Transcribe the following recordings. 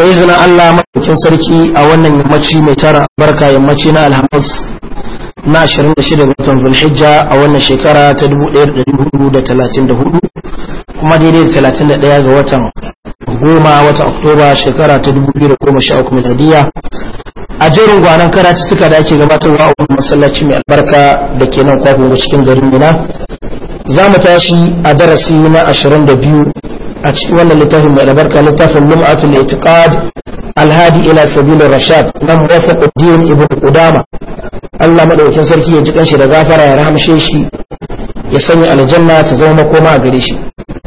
da izinin Allah madaukin sarki a wannan yammaci mai tara barka yammaci na alhamis na 26 ga watan zulhijja a wannan shekara ta 1434 kuma daidai da 31 ga watan goma wata oktoba shekara ta 2013 miladiya a jerin gwanon karatuttuka da ake gabatarwa a wani masallaci mai albarka da ke nan kwakwa cikin garin mina za mu tashi a darasi na 22 a cikin wannan littafin mai albarka littafin lum'atul itiqad alhadi ila sabil rashad na muwafaquddin ibnu qudama Allah madaukakin sarki ya ji kanshi da gafara ya rahamshe shi ya sanya aljanna ta zama makoma a gare shi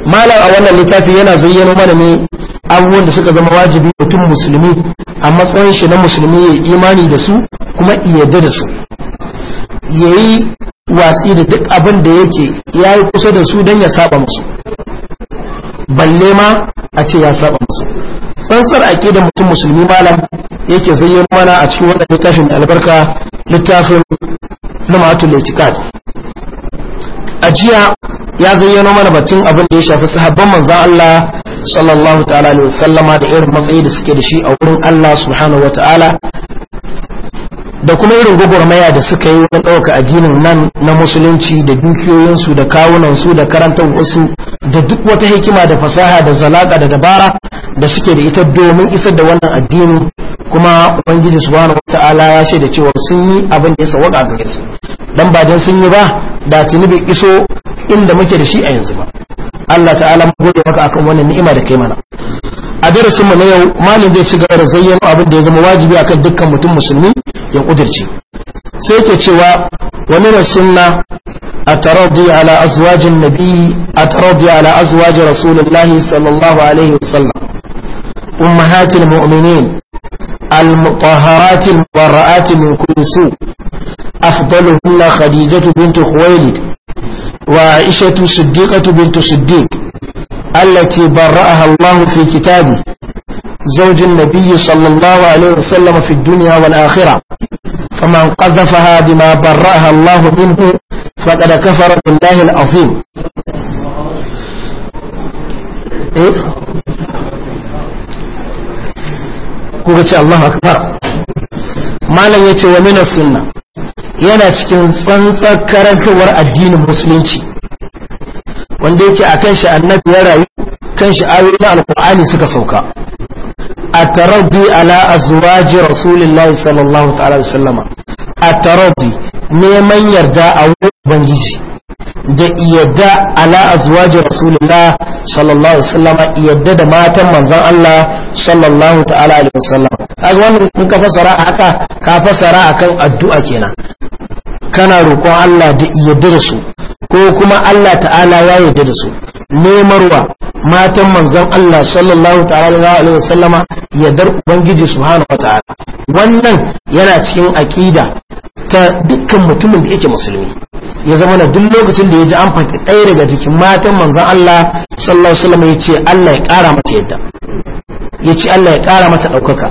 malam a wannan littafi yana zayyano mana ne abubuwan da suka zama wajibi mutum musulmi a matsayin shi na musulmi ya imani da su kuma iyadda da su yayi watsi da duk abin da yake yayi kusa da su dan ya saba musu balle ma a ce ya saba musu tsantsar da mutum musulmi malam yake zai mana a cikin wannan littafin albarka littafin lumatu a jiya ya zayyano mana batun abin da ya shafi sahabban manzan Allah sallallahu ta'ala alaihi wasallama da irin matsayi da suke da shi a wurin Allah subhanahu wa ta'ala da kuma irin gwagwarmaya da suka yi wani ɗauka addinin nan na musulunci da dukiyoyinsu da kawunansu da karantar wasu da duk wata hikima da fasaha da zalaka da dabara da suke da ita domin isar da wannan addini kuma ubangiji subhanahu wata'ala ya shaida cewa sun yi abin da ya sawaka gare su dan ba dan sun yi ba da tuni bai iso inda muke da shi a yanzu ba Allah ta'ala mu gode maka akan wannan ni'ima da kai mana a darasin mu na yau malam zai ci gaba da zayyano abin da ya zama wajibi akan dukkan mutum musulmi ya kudirce sai ke cewa wani na sunna a taraddi ala azwajin nabi a taraddi ala azwaji rasulullahi sallallahu alaihi wasallam muminin, المؤمنين المطهرات المبرآت من كل سوء أفضلهن خديجة بنت خويلد وعائشة صديقة بنت صديق التي برأها الله في كتابه زوج النبي صلى الله عليه وسلم في الدنيا والآخرة فمن قذفها بما برأها الله منه فقد كفر بالله العظيم إيه؟ كوكتي الله أكبر ما لن يتوى من السنة yana cikin tsantsar karantowar addinin musulunci wanda yake a kan shi annabi ya rayu kan shi ayoyin alkur'ani suka sauka الترضي على أزواج رسول الله صلى الله عليه وسلم الترضي نيمن يرضى أو بنجيجي da iyadda ala azwaji rasulullah sallallahu alaihi wasallam iyadda da matan manzon Allah sallallahu ta'ala alaihi wasallam kaga wannan in ka fasara haka ka fasara akan addu'a kenan kana roƙon Allah da iyadda da su ko kuma Allah ta'ala ya yarda da su nemarwa matan manzon Allah sallallahu ta'ala alaihi wasallama dar ubangiji subhanahu ta'ala. wannan yana cikin aqida ta dukkan mutumin da yake musulmi ya zama na duk lokacin da ya ji an faɗi ɗaya daga cikin matan manzon Allah sallallahu alaihi wasallama ya ce Allah ya ƙara mata yadda ya ce Allah ya ƙara mata ɗaukaka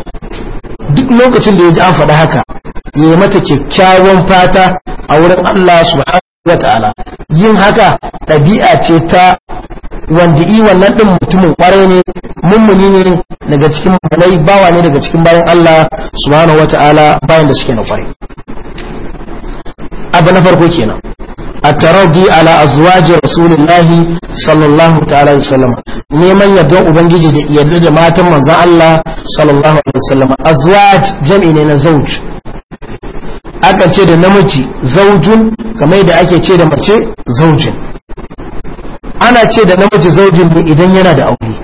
duk lokacin da ya ji an faɗi haka ya yi mata kyakkyawan fata a wurin Allah subhanahu wa ta'ala yin haka ɗabi'a ce ta wanda i wannan din mutumin kwarai ne mummuni ne daga cikin malai bawa ne daga cikin bayan Allah subhanahu wataala bayan da suke na kwarai abu na farko kenan at-taradi ala azwaji rasulillahi sallallahu ta'ala alaihi wasallam neman yardan ubangiji da yadda da matan manzon Allah sallallahu alaihi wasallam azwaj jam'i ne na zauj akan ce da namiji zaujun kamar da ake ce da mace zaujin ana ce da namiji zaujin ne idan yana da aure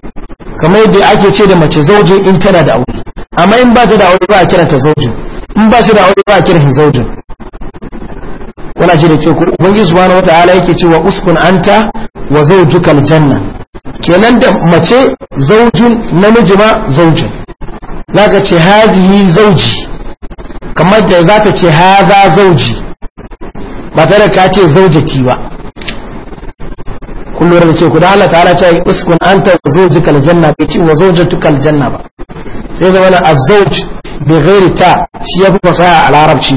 kamar yadda ake ce da mace zauje in tana da aure amma in ba ta da aure ba a kiranta zaujin in ba shi da aure ba a kiranta zaujin wana ji da ke ku ubangiji subhanahu wataala yake cewa uskun anta wa zawjuka aljanna kenan da mace zaujin namiji ma zaujin zaka ce hadhihi zauji kamar da zata ce hadha zauji ba tare ka ce zaujaki ba kullu da ce ku da Allah ta'ala ce uskun anta wa zawjuka aljanna bai ce wa zawjatuka aljanna ba sai zama na azwaj bi ghairi ta shi yafi fasaha a larabci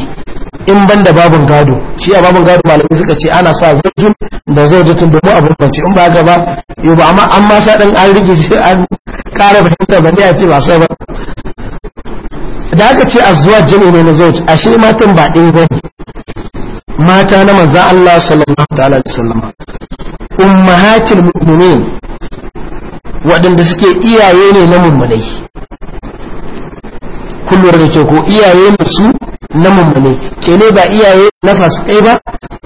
in banda babun gado shi a babun gado malamai suka ce ana sa zawjun da zawjatun domin abun bace in ba ga ba yau ba amma amma sa dan an rige sai an kare fahimta ba ne a ce ba sai ba da aka ce azwaj jami'i ne na zawj ashe matan ba ɗaya ba mata na manzan Allah sallallahu Alaihi wasallam ummahatil mu'minin waɗanda suke iyaye ne na mummunai kullum da ke ko iyaye ne su na mummunai ke ne ba iyaye na fasikai ba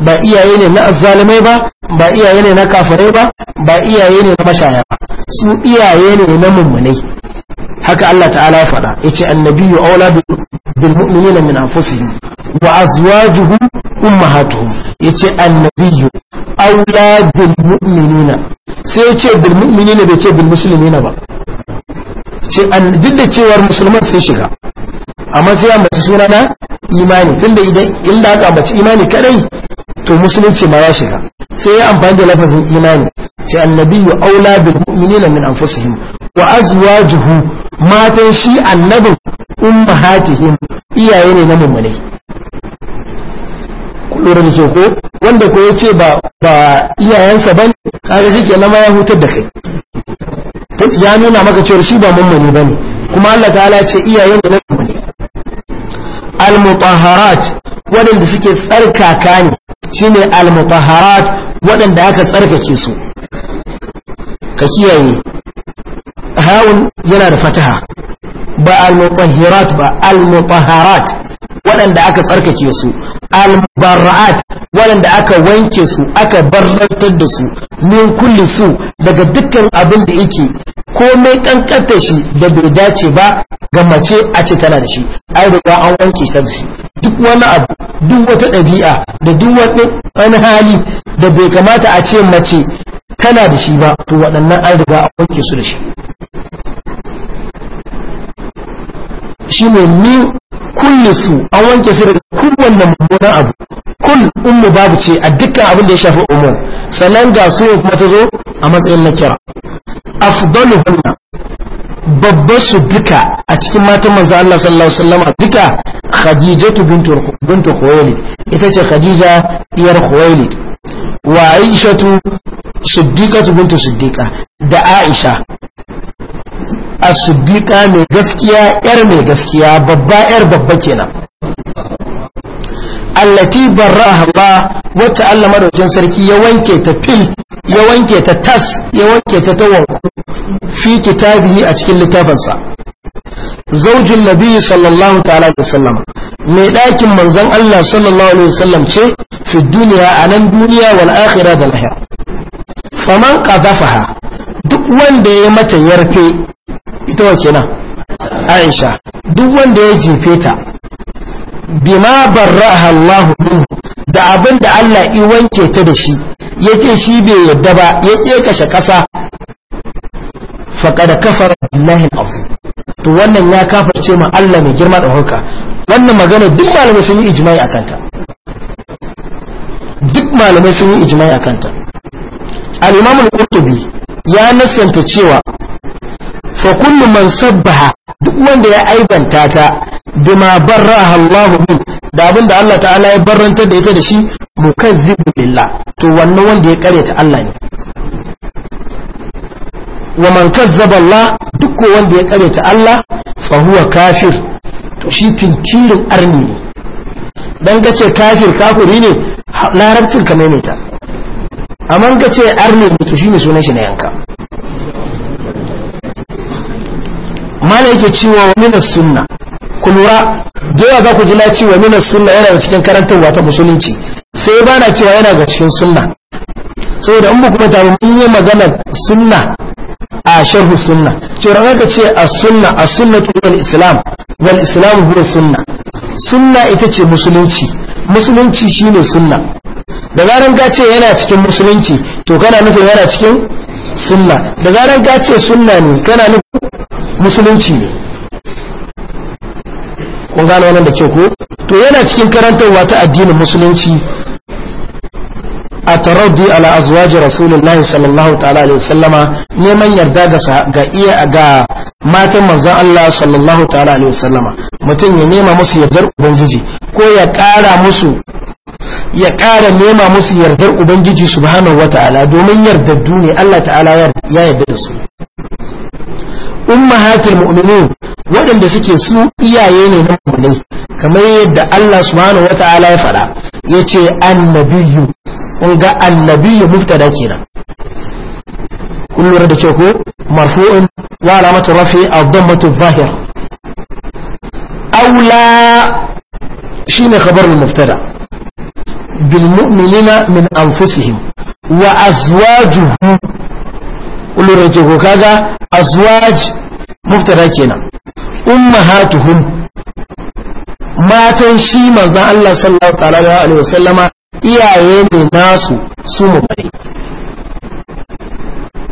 ba iyaye ne na azzalimai ba ba iyaye ne na kafirai ba ba iyaye ne na mashaya ba su iyaye ne na mummunai haka Allah ta'ala ya faɗa yace annabiyyu aula bil mu'minina min anfusihim wa azwajuhum ummahatuhum yace annabiyyu aula bil mu'minina sai ce bil mu'minina bai ce bil muslimina ba ce an dinda cewar musulman sai shiga amma sai ya mace suna na imani tunda idan inda aka mace imani kadai to musulunci ma ya shiga sai ya amfani da lafazin imani ce annabiyyu aula bil mu'minina min anfusihim wa azwajuhu matan shi annabin ummahatihim iyaye ne na mummunai kullum da ko wanda ko ya ce ba iyayensa ba ne kaga shi kenan ma ya hutar da kai ya nuna maka cewa shi ba mummuni ba ne kuma Allah ta'ala ce iyayen da na mummuni al-mutahharat waɗanda suke tsarkaka ne shine al-mutahharat waɗanda aka tsarkake su ka kiyaye hawun yana da fataha ba al-mutahhirat ba al-mutahharat waɗanda aka tsarkake su al-barra'at waɗanda aka wanke su aka barrantar da su mun kulle su daga dukkan abin da yake komai kankanta shi da bai dace ba ga mace a ce tana da shi ai riga an wanke ta da shi duk wani abu duk wata ɗabi'a da duk wani hali da bai kamata a ce mace tana da shi ba to waɗannan an riga an wanke su da shi shi ne ni kulle su an wanke su daga kowanne mummunan abu kul ummu babu ce a dukkan abin da ya shafi umu sannan ga su kuma ta zo a matsayin na kira afdaluhunna babbar su duka a cikin matan manzo Allah sallallahu alaihi wasallam duka khadijatu bintu bintu khuwailid ita ce khadija iyar khuwailid wa aishatu siddiqatu bintu siddiqa da aisha A siddiqa mai gaskiya yar mai gaskiya babba yar babba kenan allati barraha Rahma wacce Allah madaukin sarki ya wanke ta fil ya wanke ta tas ya wanke ta tawanku fi kitabihi a cikin littafinsa zaujin nabi sallallahu ta'ala da sallama mai ɗakin manzan Allah sallallahu alaihi wasallam ce fi duniya a nan duniya wal akhira da lahir faman qadhafaha duk wanda ya mata yarfe ita wa kenan aisha duk wanda ya jefe ta bima barraha Allah minhu da abin da Allah i wanke ta da shi yace shi bai yadda ba ya kekashe kasa faqad kafara billahi al-azim to wannan ya kafarce mu Allah mai girma da hauka wannan magana duk malamai sun yi ijma'i akan ta duk malamai sun yi ijma'i akan ta al-imam al-qurtubi ya nasanta cewa fa kullu man sabbaha duk wanda ya aibanta ta bima barraha Allah min da abinda Allah ta'ala ya barranta da ita da shi mukazzibu billah to wannan wanda ya kare ta Allah ne wa man kazzaba Allah duk wanda ya kare ta Allah fa huwa kafir to shi tinkirin arni ne dan kace kafir kafiri ne larabcin ka maimaita amma kace arni to shine sunan shi na yanka mana yake cewa wa minas sunna ku lura dole za ku ji na cewa minas sunna yana da cikin karantarwa ta musulunci sai ba na cewa yana ga cikin sunna saboda in ba kuma tabi mun yi magana sunna a sharhu sunna cewa ka ce a sunna a sunna wal islam wal islam huwa sunna sunna ita ce musulunci musulunci shine sunna da zaran ka ce yana cikin musulunci to kana nufin yana cikin sunna da zaran ka ce sunna ne kana nufin musulunci ne kun gane wannan da ke ko to yana cikin karantarwa ta addinin musulunci a taraddi ala azwaji rasulullahi sallallahu ta'ala alaihi wasallama neman yarda ga ga iya ga matan manzon Allah sallallahu ta'ala alaihi wasallama mutum ya nema musu yardar ubangiji ko ya kara musu ya ƙara nema musu yardar ubangiji subhanahu wata'ala domin yardaddu ne Allah ta'ala ya yarda da su ummahatul mu'minin waɗanda suke su iyaye ne na mu'minai kamar yadda Allah subhanahu wata'ala ya faɗa yace annabiyyu kun ga annabiyyu mubtada kenan kun lura da ko marfu'un wa alamatu rafi ad-dammatu adh-dhahira aula shine khabar al-mubtada bil mu'minina min anfusihim wa azwajuhum kullum da ko kaga azwaj mubtada kenan ummahatuhum matan shi manzon Allah sallallahu ta'ala alihi wasallama iyaye ne nasu su bari.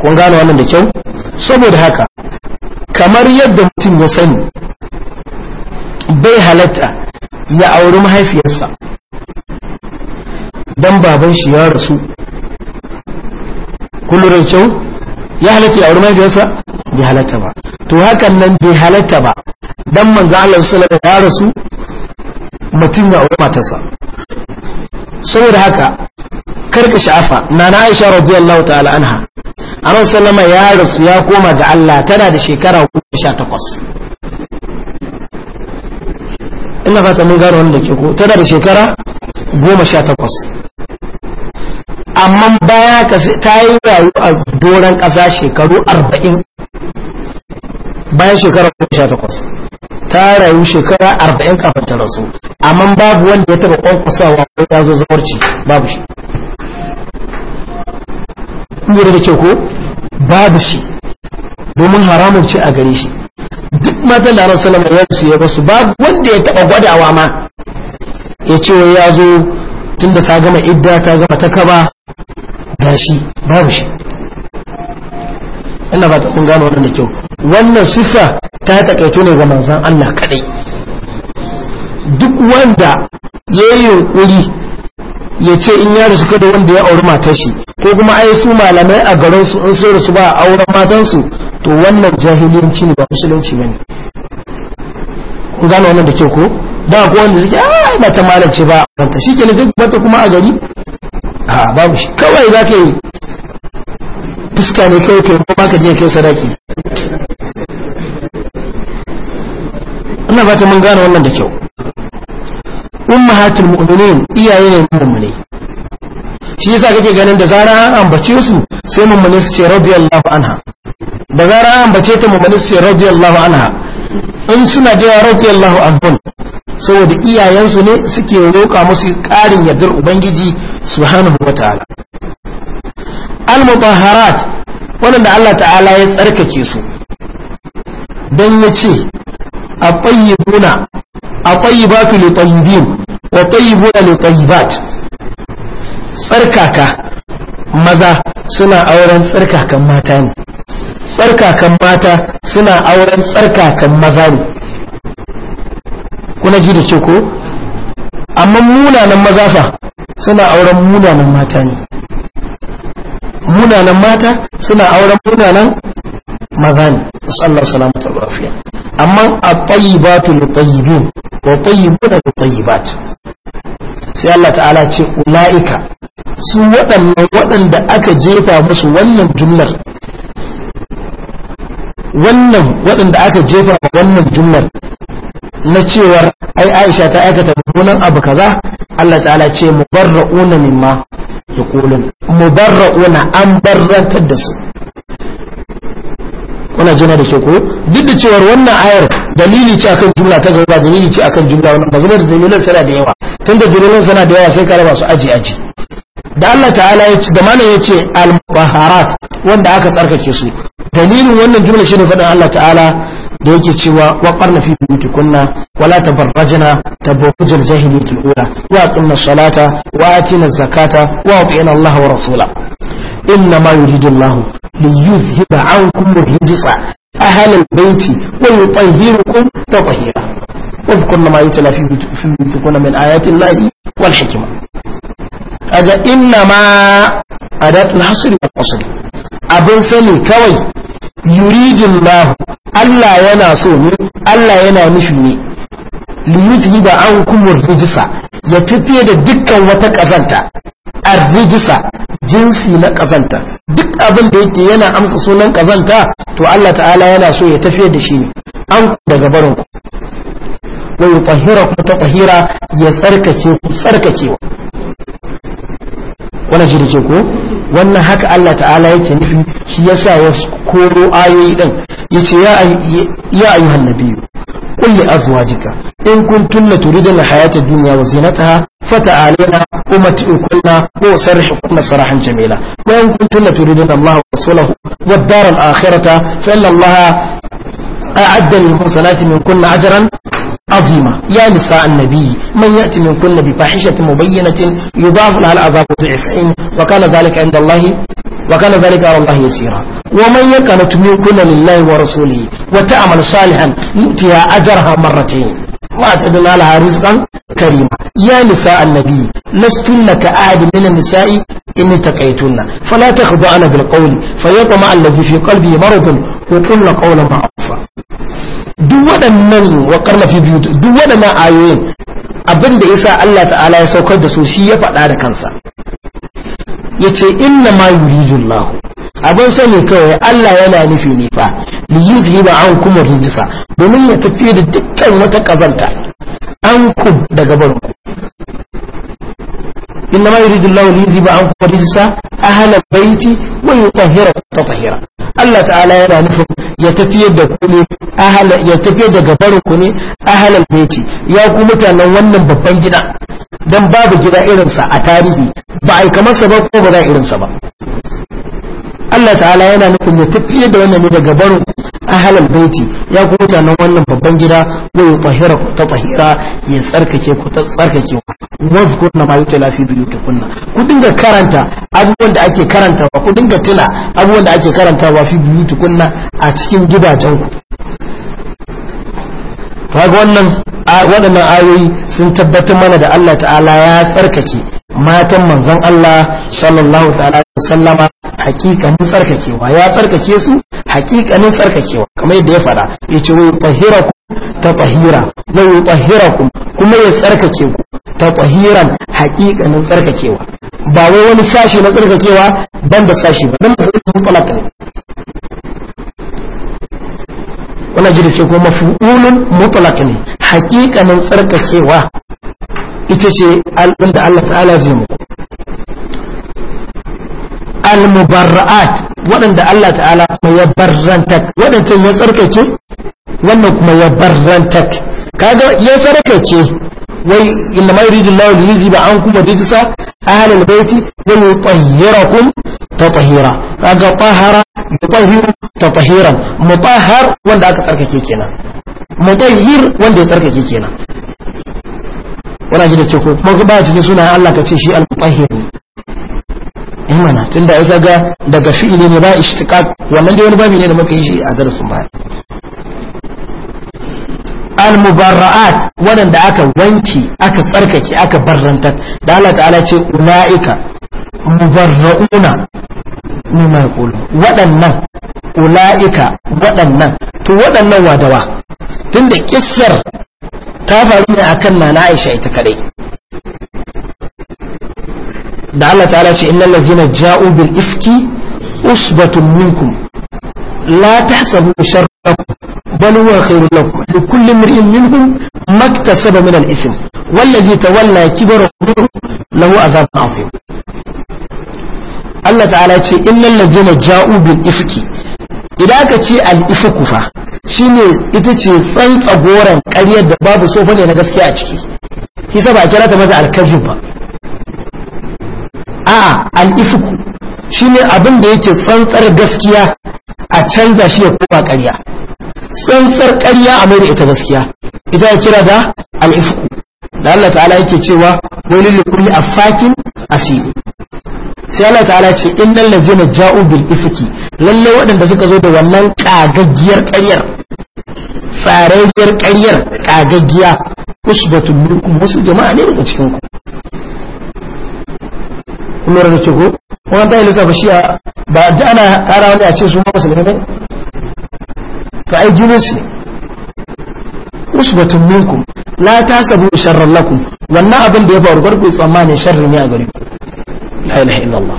kun gano wannan da kyau saboda haka kamar yadda mutum ya sani bai halatta ya auri mahaifiyarsa dan baban shi ya rasu kullum da kyau ya halatta ya wurin mahaifiyarsa bai halatta ba to hakan nan bai halatta ba dan manzo Allah sallallahu alaihi wasallam ya rasu mutum ya aure matarsa saboda haka karka sha'afa nana Aisha radiyallahu ta'ala anha Annabi sallama ya rasu ya koma ga Allah tana da shekara 18 ina fata mun gano wanda ke ko tana da shekara goma sha takwas. amma baya ka ta yi rayu a doron ƙasa shekaru arba'in bayan shekara sha takwas ta rayu shekara arba'in kafin ta rasu amma babu wanda ya taɓa kwankwasawa ko ya zo zawarci babu shi kuma da ke ko babu shi domin haramun ce a gare shi duk matan da salama ya su ya basu babu wanda ya taɓa gwadawa ma ya ce ya zo tun da ta gama idda ta gama ta kaba gashi babu shi ina ba ta kun gano wannan da kyau wannan siffa ta takaito ne ga manzan Allah kadai duk wanda ya yi yunkuri ya ce in ya rasu kada wanda ya auri matar shi ko kuma ai su malamai a garin su in sun rasu ba a matan matansu to wannan jahiliyanci ne ba musulunci bane kun gano wannan da kyau ko da ko wanda zai ai mata malance ba a ranta shi ke ne zai kuma a gari a babu shi kawai za ka yi fuska ne kawai kai kuma ka je kai sadaki ina fata mun gane wannan da kyau ummahatul mu'minin iyaye ne mu'mini shi yasa kake ganin da zara an ambace su sai mu'mini su ce radiyallahu anha da zara an ambace ta mu'mini su ce radiyallahu anha in suna da radiyallahu anhun saboda iyayensu ne suke roƙa musu ƙarin yardar ubangiji subhanahu wataala al-mutahharat wanda Allah ta'ala ya tsarkake su dan yace at-tayyibuna at-tayyibatu lit-tayyibin wa tayyibuna lit-tayyibat tsarkaka maza suna auren tsarkakan mata ne tsarkakan mata suna auren tsarkakan maza ne kuna ji da ce ko amma munanan fa suna auren munanan mata ne munanan mata suna auren munanan maza ne musallar salamata lafiya amma a tayyibatu da tayyibin wa tayyibuna da tayyibat sai Allah ta'ala ce ula'ika su waɗannan waɗanda aka jefa musu wannan jumlar wannan waɗanda aka jefa wannan jumlar na cewar ai aisha ta aikata mummunan abu kaza Allah ta'ala ce mubarra'una mimma yaqulun mubarra'una an barratar da su kuna jina da shoko duk da cewar wannan ayar dalili ce akan jumla ta gaba dalili ce akan jumla wannan ba zama da dalilan tana da yawa tunda dalilan suna da yawa sai ka raba su aji aji da Allah ta'ala ya ce da malam ya ce al-mutahharat wanda aka tsarkake su dalilin wannan jumla shine faɗin Allah ta'ala da yake cewa wa qarna fi buyutikunna wa la tabarrajna tabarrujal jahiliyatil ula wa aqimna salata wa atina zakata wa atina Allah wa rasula inna ma yuridu Allah li yuzhiba ankum rijsa ahal albayt wa yutahhirukum tatahira واذكرن ما يتلى في بيوتكن من آيات الله والحكمة أجا إنما أداة الحصر والقصر abin sani kawai يريد الله Allah yana so ne Allah yana nufi ne liyuti ba an kumur rijisa ya tafiye da dukkan wata kazanta ar-rijisa jinsi na kazanta duk abin da yake yana amsa sunan kazanta to Allah ta'ala yana so ya tafiye da shi ne an daga barin ku wa ta tahira ya tsarkake ku sarkacewa wala jirje ku wannan haka Allah ta'ala yake nufi shi yasa ya koro ayoyi din yace ya ya ayyuhan nabiyyu qul li azwajika in kuntunna turidna hayata dunya wa zinataha fata'alina umati'ukunna wa usarrihukunna sarahan jamila wa in kuntunna turidna Allah wa rasulahu wad dar al akhirata fa inna Allah a'adda lil kunna minkunna ajran عظيمة يا نساء النبي من يأتي من كل بفاحشة مبينة يضاف لها العذاب ضعفين وكان ذلك عند الله وكان ذلك على الله يسيرا ومن يقنت من كل لله ورسوله وتعمل صالحا نؤتيها أجرها مرتين تدل لها رزقا كريما يا نساء النبي لستن كأحد من النساء إن تقيتن فلا تخضعن بالقول فيطمع الذي في قلبه مرض وقلن قولا معروفا duk waɗannan waƙar biyu duk waɗannan ayoyin abinda ya yasa Allah ta'ala ya saukar da su shi ya faɗa da kansa yace inna ma yuridullahu abin sani kawai Allah yana nufi ne fa li yuzhiba ankum rijsa domin ya tafi da dukkan wata kazanta ankum daga barku inna يريد الله Allahu li yuziba أهل البيت ويطهر baiti الله تعالى tatahira ya tafiyar da ku ne ahla ya tafiyar da دم باب جدا ahla ya ku mutanen wannan babban gida dan gida ba ba Allah ta'ala yana nufin ya tafiye da wannan ne da a halal baiti ya kuma mutanen wannan babban gida ko ya tsahira ta tsahira ya tsarkake ku ta tsarkake ku wazkur na ma yutla fi buyutikunna ku dinga karanta abubuwan da ake karantawa ku dinga tuna abubuwan da ake karantawa fi buyutikunna a cikin gidajen ku kaga wannan waɗannan ayoyi sun tabbatar mana da Allah ta'ala ya tsarkake matan manzon Allah sallallahu ta'ala sallama hakikanin tsarkakewa ya tsarkake su hakikanin tsarkakewa kamar yadda ya faɗa yace wa tahirak ta tahira la tahira kuma ya tsarkake ku ta tahiran haƙiƙanin tsarkakewa ba wai wani sashi na tsarkakewa ban da sashi ba dan mutlaq ne wannan jira ce kuma mafu'ulun mutlaq ne haƙiƙanin tsarkakewa ita ce da Allah ta'ala zai mu al-mubarra'at waɗanda Allah ta'ala ya barranta waɗancan ya tsarkake wannan kuma ya barrantak kaga ya sarkace wai inna ma yuridu Allahu li yuziba ankum rijsa ahli albayti wa yutahhirakum tatahira kaga tahara yutahhiru tatahiran mutahhar wanda aka tsarkake kenan mutahhir wanda ya tsarkake kenan wannan ji da ce ko kuma ba cikin suna Allah ka ce shi al-mutahhir imana eh tunda ya kaga daga fi'ili ne ba ishtiqaq wannan dai wani babi ne da muka yi shi a darasin baya al-mubarra'at waɗanda aka wanki aka tsarkake aka barranta da Allah ta'ala ce ula'ika mubarra'una mimma yaqulu waɗannan ula'ika waɗannan to waɗannan wadawa tunda kissar ta faru ne akan nana Aisha ita kadai da Allah ta'ala ce innal ladzina ja'u bil ifki usbatun minkum la tahsabu sharrakum بل هو خير لكم لكل امرئ منهم ما اكتسب من الإثم والذي تولى كبره له عذاب عظيم Allah ta'ala ce innal ladzina ja'u bil ifki idan aka ce al'ifiku fa shine ita ce tsantsa goron ƙaryar da babu sofa ne na gaskiya a ciki kisa ba a kira ta maza al ba a al shine abin da yake tsantsar gaskiya a canza shi ya koma ƙarya tsantsar ƙarya a mai da ita gaskiya ita ya kira da al'ifku da Allah ta'ala yake cewa wani likulli a fakin asiru sai Allah ta'ala ce innal ladzina ja'u bil ifki lalle waɗanda suka zo da wannan kagaggiyar ƙaryar tsarayyar ƙaryar kagaggiya usbatul mulkum wasu jama'a ne daga cikin ku kuma da ke ko wannan ta yi lissafa shi ba da ana ƙara wani a ce su ma musulmi ne to ai jinin su usbatun minkum la tasabu sharran lakum wannan abin da ya faru garku tsammanin sharri ne a gare ku la ilaha illallah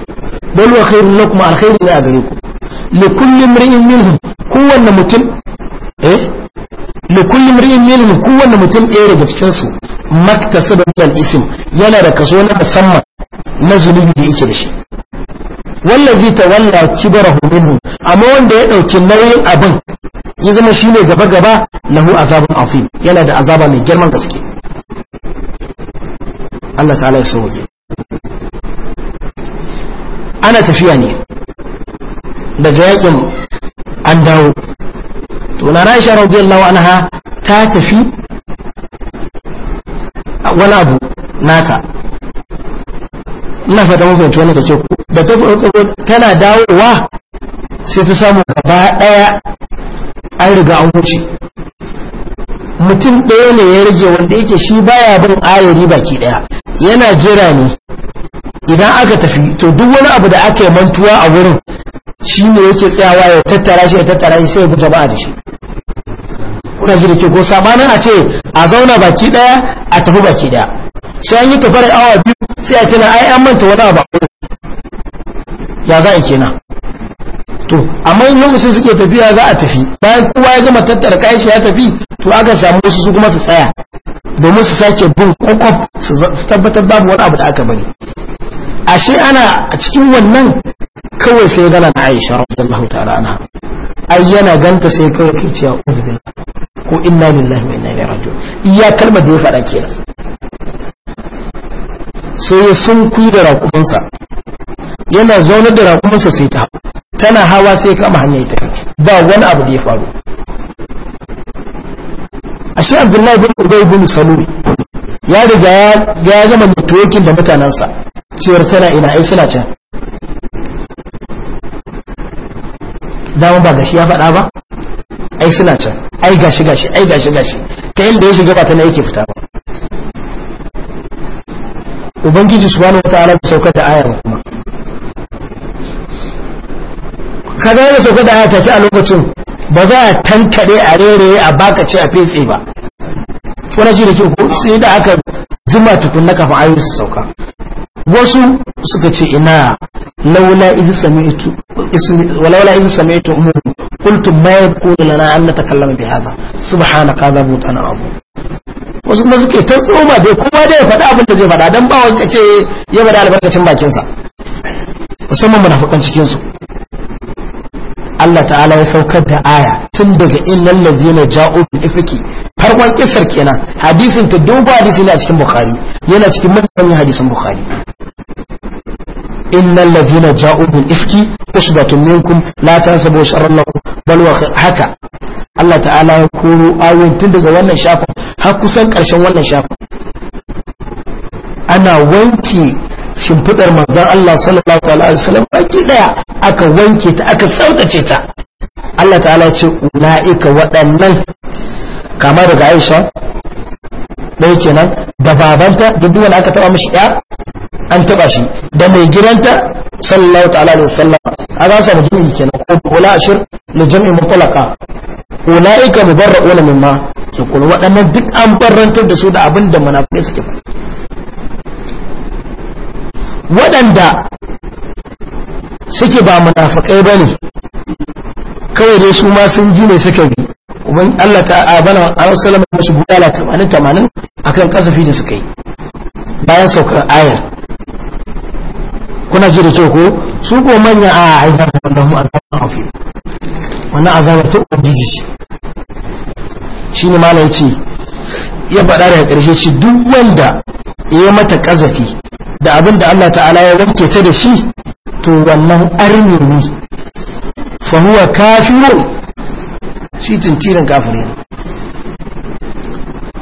bal wa khairun lakum alkhairu ne a gare ku li kulli imri'in minhum kowanne mutum eh li kulli imri'in minhum kowanne mutum ɗaya daga cikin su maktasaba min ism yana da kaso na musamman na zunubi da yake da shi wallazi tawalla kibarahu minhum amma wanda ya dauki nauyin abin ya zama shi ne gaba-gaba lahu azabun azim yana da azaba mai girman gaske Allah ta'ala ya sauke ana tafiya ne daga yakin an dawo to na Aisha radiyallahu anha ta tafi wani abu nata ina fata mun fahimci wannan da ke ku da ta tana dawowa sai ta samu gaba daya an riga an wuce mutum ɗaya ne ya rage wanda yake shi baya bin ayari baki ɗaya yana jira ne idan aka tafi to duk wani abu da aka yi mantuwa a wurin shi ne yake tsayawa ya tattara shi ya tattara shi sai ya fita ba'a da shi kuna ji da ke ko sabanin a ce a zauna baki ɗaya a tafi baki ɗaya sai an yi tafarar awa biyu sai a tana ai an manta wani abu ya za kenan to amma in lokacin suke tafiya za a tafi bayan kowa ya gama tattara kayan shi ya tafi to aka samu wasu su kuma su tsaya domin su sake bin kwakwaf su tabbatar babu wani abu da aka bari ashe ana a cikin wannan kawai sai gana na aisha radiyallahu ta'ala anha ai yana ganta sai kawai ke cewa ubillah ko inna lillahi wa inna ilaihi raji'un iya kalmar da ya faɗa kenan sai ya sunkuyi da raƙumansa yana zaune da raƙumansa sai ta hau tana hawa sai kama hanyar ta ba wani abu da ya faru A shi abdullahi bin ubay bin salul ya riga ya gama mutuwakin da mutanensa cewar tana ina ai suna can dama ba gashi ya faɗa ba ai suna can ai gashi gashi ai gashi gashi ta inda ya shiga ba ta na yake fita ba ubangiji subhanahu wataala da saukar da ayar kuma kada yana sauka da ya tace a lokacin ba za a tankade a rere a baka ce a fetse ba Wani shi da ke ko sai da aka jima na kafin ayoyi su sauka wasu suka ce ina laula idh sami'tu walaula idh sami'tu umur qultu ma yakunu lana an takallama bi ka subhanaka hadha butan abu? wasu kuma suke ta tsoma dai kowa dai ya faɗa abin da zai faɗa dan ba wanka ce ya faɗa albarkacin bakin sa musamman munafikan cikin su Allah ta'ala ya saukar da aya tun daga innal ladzina ja'u bil ifki farkon kisar kenan hadisin ta duba hadisi ne a cikin bukhari yana cikin manyan hadisin bukhari innal ladzina ja'u bil ifki usbatun minkum la tahsabu sharran lakum balwa haka Allah ta'ala ya koro ayoyin tun daga wannan shafin har kusan karshen wannan shafin ana wanke shimfidar manzan Allah sallallahu alaihi wasallam baki daya aka wanke ta aka tsaukace ta Allah ta'ala ce ulaika waɗannan kama daga Aisha ɗaya kenan da babanta duk wanda aka taba mishi ɗaya, an taba shi da mai gidanta sallallahu ta'ala alaihi wasallam a za su mutum kenan ko kula ashir na jami'i mutlaqa ulaika mubarra'una mimma yaqulu waɗannan duk an barrantar da su da abin da munafikai suke faɗi waɗanda suke ba munafakai ba ne kawai dai su ma sun ji ne suka bi ubin Allah ta abana a wasu lamar musu budala tamanin tamanin akan kasafi da suka yi bayan saukar ayar kuna ji da kyau ko su ko manya a haifar da wanda mu azabar hafi wannan azabar ta ubangiji shi ne mala ya ce ya faɗa daga ƙarshe ce duk wanda ya mata kazafi da abin da Allah ta'ala ya wanke ta da shi to wannan arni ne fa huwa kafiru shi tintirin kafiri ne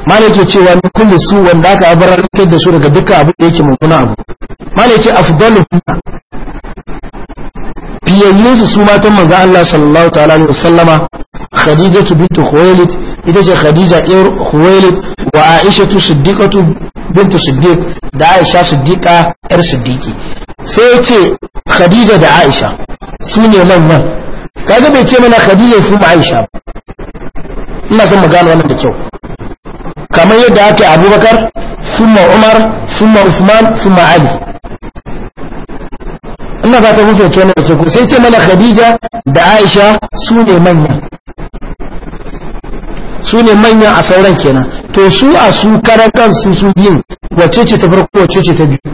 malai cewa ni kulli su wanda aka abarantar da su daga dukkan abin da yake mumuna abu malai ce afdalu fiyayyun su su matan manzo Allah sallallahu ta'ala alaihi wasallama khadijatu bintu khuwailid ita ce khadija ɗiyar khuwailid wa aishatu siddiqatu bintu siddiq da aisha siddiqa yar siddiqi sai ce khadija da aisha su ne manyan kaga bai ce mana khadija fi aisha ina son mu gano kyau kamar yadda aka abubakar summa umar summa usman summa ali ina ba ta hufe kenan da sai ce mana khadija da aisha su ne manya su ne manyan a sauran kenan to su a su karan kansu su yin wacce ce ta farko wacce ce ta biyu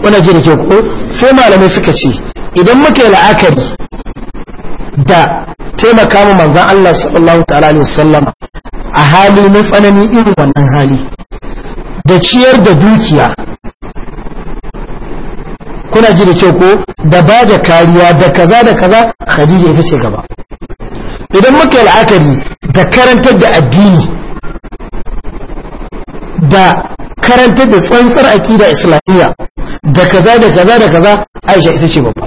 kuna ji da ke ko sai malamai suka ce idan muka yi la'akari da taimaka mu manzan Allah sallallahu ta'ala alaihi sallama a hali na tsanani irin wannan hali da ciyar da dukiya kuna ji da ke ko da ba da kariya da kaza da kaza khadija ita ce gaba idan muka yi la'akari da karantar da addini da karantar da tsantsar akida islamiyya da kaza da kaza da kaza aisha ita ce babba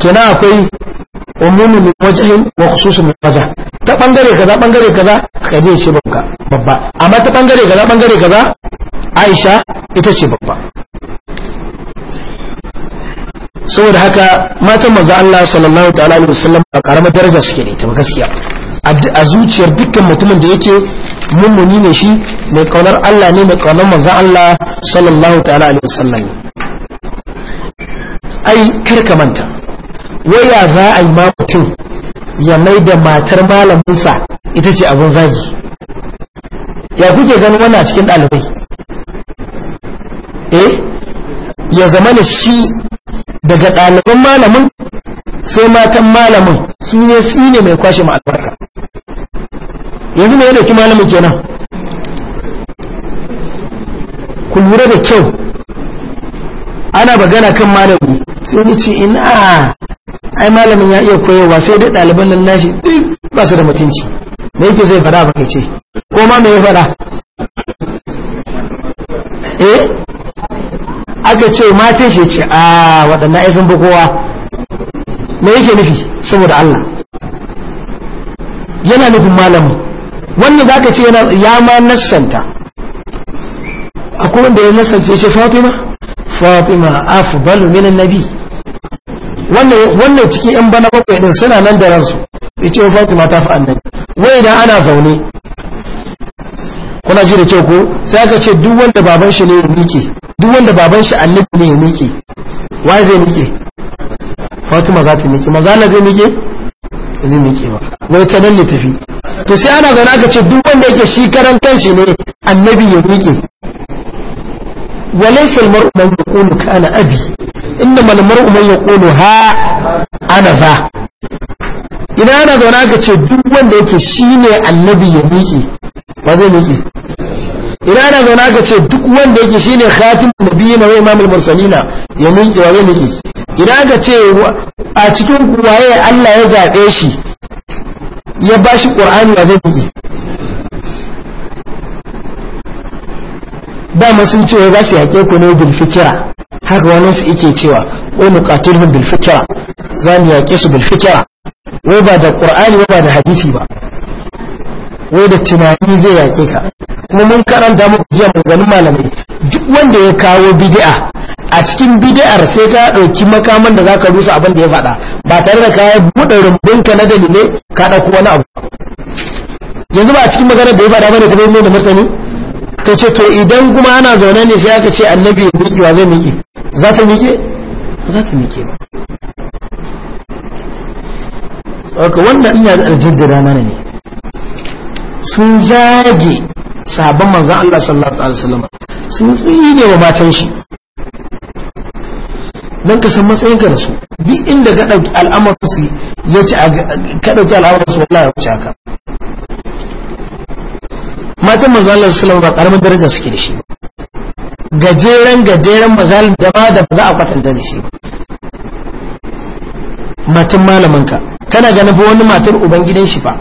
Kina akwai umumi min wajahin wa khususun min wajah ta bangare kaza bangare kaza khadija ce babba amma ta bangare kaza bangare kaza aisha ita ce babba saboda haka matan manzo Allah sallallahu ta'ala alaihi wasallam ba karamar daraja suke da ita ba gaskiya a zuciyar dukkan mutumin da yake mummuni ne shi mai kaunar Allah ne mai kaunar manzo Allah sallallahu ta'ala alaihi wasallam ai karka manta waya za a yi ma mutum ya mai da matar malaminsa ita ce abin zagi ya kuke ganin wannan cikin ɗalibai eh ya zama da shi daga ɗaliban malamin sai matan malamin su ne tsine mai kwashe ma yanzu mai yadda ki malamin kenan ku lura da kyau ana bagana kan malamin, sai wuce ina ai malamin ya iya koyarwa sai dai ɗaliban nan nashi duk ba su da mutunci me ku zai fara ba ce ko ma mai ya eh aka ce matan shi ce a ah, waɗannan ya zumbi kowa me yake nufi saboda Allah yana nufin malamin wannan za ka ce ya ma nassanta akwai da ya nassance shi fatima fatima balu minan nabi wannan cikin yan bana bakwai din suna nan da ransu ce fatima ta fi annabi wai idan ana zaune kuna ji da kyau ko sai aka ce duk wanda baban shi ne ya miƙe duk wanda baban shi annabi ne ya miƙe wai zai miƙe fatima za ta miƙe maza na zai miƙe zai miƙe ba wai ta nan ne tafi to sai ana zaune aka ce duk wanda yake shi karan kanshi ne annabi ya miƙe mar'u abi inna المرء mar'u man كان أبي إنما المرء من يقول ها أنا ذا إذا أنا ذو shi ne Annabi ya miƙe ba zai miƙe. idan ana zauna ka ce duk wanda yake shine khatim nabiyyi na imamul mursalina ya miƙe wa zai minke Ina ce a cikin ku waye Allah ya zabe shi ya ba shi qur'ani ya zai minke ma sun ce za su yaƙe ku ne bil fikira haka wani su yake cewa ko mu muqatiluhum bil fikira za mu yaƙe su bil fikira wai ba da qur'ani ba da hadisi ba wai da tunani zai yake ka kuma mun karanta muku jiya maganin malamai duk wanda ya kawo bid'a a cikin bid'ar sai ka ɗauki makaman da zaka rusa abin da ya faɗa ba tare da ka buɗe ka na dalilai ka ɗauko wani abu yanzu ba a cikin maganar da ya faɗa bane kuma mai da martani ka ce to idan kuma ana zaune ne sai aka ce annabi ya miƙe wa zai miƙe za ta miƙe za ta miƙe ba wannan ina da aljaddada mana ne sun zage sabon manzan Allah sallallahu alaihi wasallam sun tsine wa matan shi dan ka san matsayin ka da su duk inda ka dauki al'amarin su ya ka dauki al'amarin su wallahi ya wuce haka matan manzan Allah sallallahu alaihi wasallam ba karamin daraja suke da shi gajeren gajeren mazalin da ba da ba za a kwatanta da shi matan malamanka kana ganin fa wani matar ubangidan shi fa